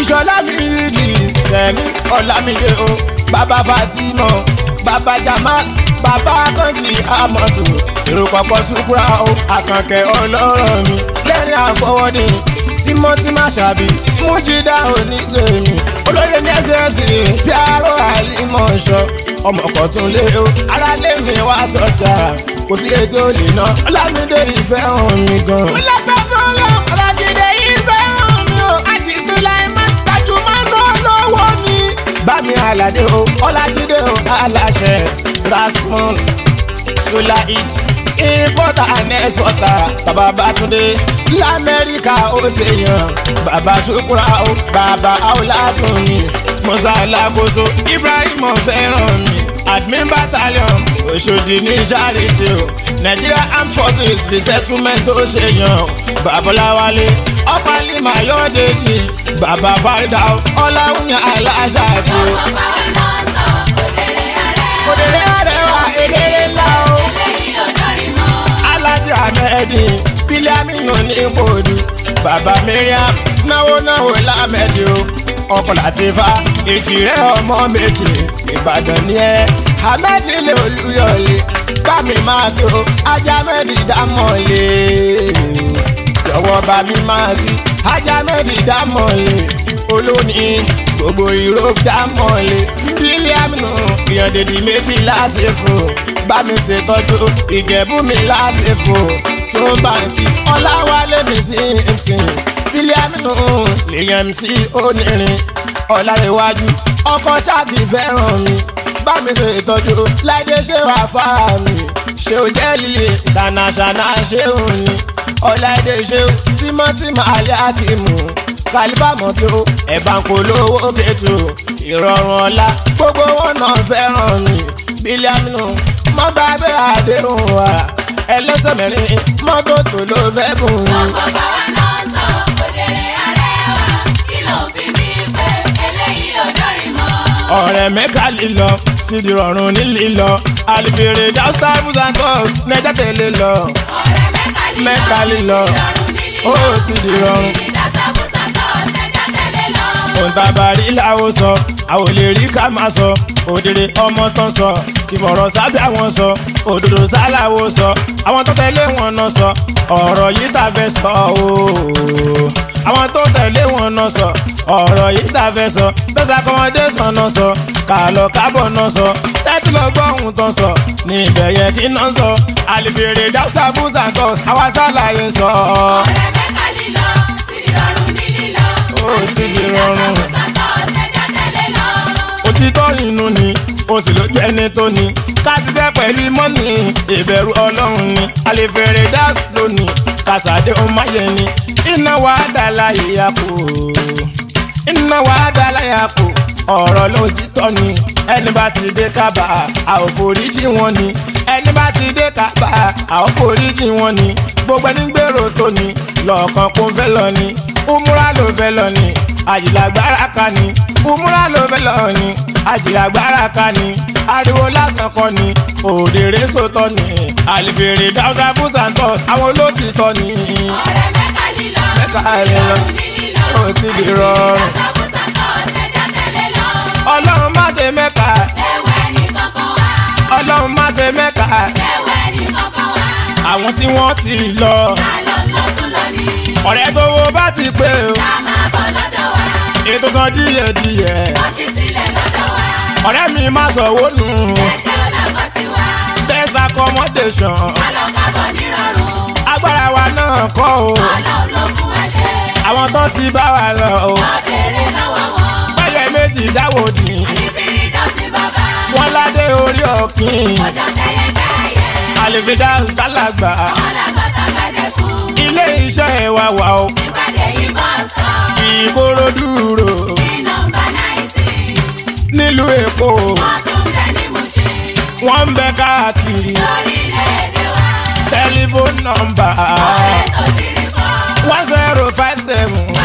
ìṣọlá mi yìí sẹ́mi ọ̀làmìyẹ o bàbá Fatima bàbá Jamal bàbá Akànjí Amadu èrò pọpọ sukura o àkànkẹ́ ọlọ́rọ̀ mi lẹ́rìn àfọwọ́dé Timothy Mashabi Mujida onígbèmí olóyè mẹsẹsì Piaro Àlìmọ̀ṣọ́ ọmọ Kọ̀túnlé o aráalé mi wá sọjà kò sí ètò lè ná Ọlámídé ìfẹ́ hàn mí gan. mo lọ fẹ́ fún lọ ọ̀làjìdẹ ìfẹ́ hàn mí o àti Sulaiman gbajúmọ̀ náà lọ́wọ́ mi. bámi aládé o ọ̀làjìdẹ o aláṣẹ rasmus sulaid importer and exporter bàbá bàtúndé kí amẹ́ríkà ó ṣèyàn bàbá ṣùkúrà ó bàbá ọ̀làdùn mi musa alákòóso ibrahim ọ̀sẹ̀ràn mi admin battalion òṣòdì ní charity o nigeria armed forces resettlement ó ṣèyàn babaláwálé ọ̀pálí mayọ́dèjì bàbá farida ọ̀làwùnyà aláṣà àti. òdèrè àrẹwà èdèrè ńlá o. alájà mẹ́ẹ̀dín bílámìnà ní bòdù bàbá Mariam náwó náwó lámẹ́dì o ọkọ̀ láti fa ìkìrẹ́ ọmọ méje Ìbàdàn ni ẹ Ahmed nílé Olúyọ̀lé bámi máa tó ajá mẹ́rin dámọ̀lé jọ̀wọ́ bámi máa rí ajá mẹ́rin dámọ̀lé olóní gbogbo ìró dámọ̀lé bílíọ̀nù ìyàndèdì méjì láti fò bá mi ṣètọ́jú ìjẹ̀bú mi láti fò tó báńkì ọláwálé mi sí ìsìn bílíọ̀nù lèyàn sí onírin ọ̀làríwájú ọkọ̀ ṣáàtì fẹ́ràn mi bá mi ṣètọ́jú láìdé ṣe wà fáà mi ṣe ò jẹ́ líle ìdánaṣáná ṣe òun ni ọ̀làdé ṣe tímọ́tímọ́ alẹ́ àkìmù kálíbà mọ́tò ẹ̀bà ń polówó kẹtù ìrọ̀rùn ọ̀la gbogbo wọn náà fẹ́ràn mi bílíọ̀nù mọ́ gbàgbé àdéhùn wa ẹlẹ́sẹ̀ mẹ́rin mọ́tò tó ló fẹ́ bùn. ọkọ̀ bàbá náà sọ òdèrè arẹwà kí ló fi mí pé eléyìí ò dọ́rin mọ́. ọ̀rẹ́ mẹ́ka lílọ ti di rọrùn ní lílọ àlùfèrè dáúsá fúsàkọ́s nẹ́jà tẹ̀lé lọ. ọ̀rẹ́ mẹ́ka lílọ ti di rọrùn. òǹtàbàrí làwọn sọ àwọn olè rí ká máa sọ òdèrè ọmọ tán sọ ìfọ̀rọ̀ sábẹ́ àwọn sọ òdòdó sáláwo sọ àwọn tó tẹ̀lé wọn náà sọ ọ̀rọ̀ yìí tá fẹ́ sọ ooo àwọn tó tẹ̀lé wọn náà sọ ọ̀rọ̀ yìí tá fẹ́ sọ bẹ́sẹ̀ akọ́mọdé sàn náà sọ kàlọ́ kábọ̀ náà sọ tẹ́tí lọ gbọ́ ohun tó sọ ní ibẹ̀ yẹn kí náà sọ àlìbèrè dáúsà búzà kọ àwa sálàyé sọ. ọ̀rẹ́ mẹ́ta lílọ sí ìrọ̀rùn ní lílọ ti tọ́ inú ni o sì lójú ẹni tó ni kásìdẹ́ pẹ̀lú mọ́nì ìbẹ̀rù ọlọ́run ni àlefèrè dáàsì lónìí kàsàdé ọmáyé ni iná wa dàlá ìyàpò iná wa dàlá ìyàpò ọ̀rọ̀ ló ti tọ́ ni ẹni bá ti dé kábà a ò foríjì wọn ni ẹni bá ti dé kábà a ò foríjì wọn ni gbogbo ẹni gbèrò tó lọ́ọ̀kan kó fẹ́ lọ ni umura ló fẹ́ lọ ni àjìlágbára kan ni umura ló fẹ́ lọ ni àjìlágbára kan ni ariwo lásán kọ́ ni òdèrè sòtọ́ ni àlìfèrè dáúdà bùsàntọ́ àwọn olótìtọ́ ni. ọ̀rẹ́ mẹ́ta lílọ mẹ́ta lílọ ó ti di rọrùn. ọlọ́run má ṣe mẹ́ka. ẹ̀wẹ̀ ní kankan wá. ọlọ́run má ṣe mẹ́ka. ẹ̀wẹ̀ ní kankan wá. àwọn tí wọ́n ti lọ. àlọ́ ló tún lọ ní. ọ̀rẹ́ tó wo bá ti pé o. ká bọ̀ lọ́dọ̀ ètò san díẹ̀díẹ̀. wọ́n fi sílẹ̀ lọ́dọ̀ wa. ọ̀rẹ́ mi má sọ owó nù. ẹsẹ̀ ọ̀làkọ̀ ti wá. best accommodation. alọ́kàbọ̀ nírọ̀rùn. agbára wa náà kọ́ o. ọlọ́run ló fún wa ṣe. àwọn tó ti bá wa lọ o. ọ̀bẹ̀rẹ̀ lọ́wọ́ wọn. bẹ́yẹ méjì dáwò dì. àlefèrè dọ́sí bàbá. wọ́n ládé orí ọ̀kìn. ọjọ́ tẹ́yẹ káyẹ. àlefèrè dá sálàgbà. ọ̀làkọ̀ tàbádẹ́ fún. ilé iṣẹ́ láti kóró dúró. ní nọ́mbà nineteen. nílùú Èkó. wọ́n tún bẹ ní Mùṣín. wọ́n ń bẹ káàkiri. lórílẹ̀‐èdè wa. tẹlifóònù nọ́mbà. ọ̀rẹ́ tó ti rí kọ́. one zero five seven.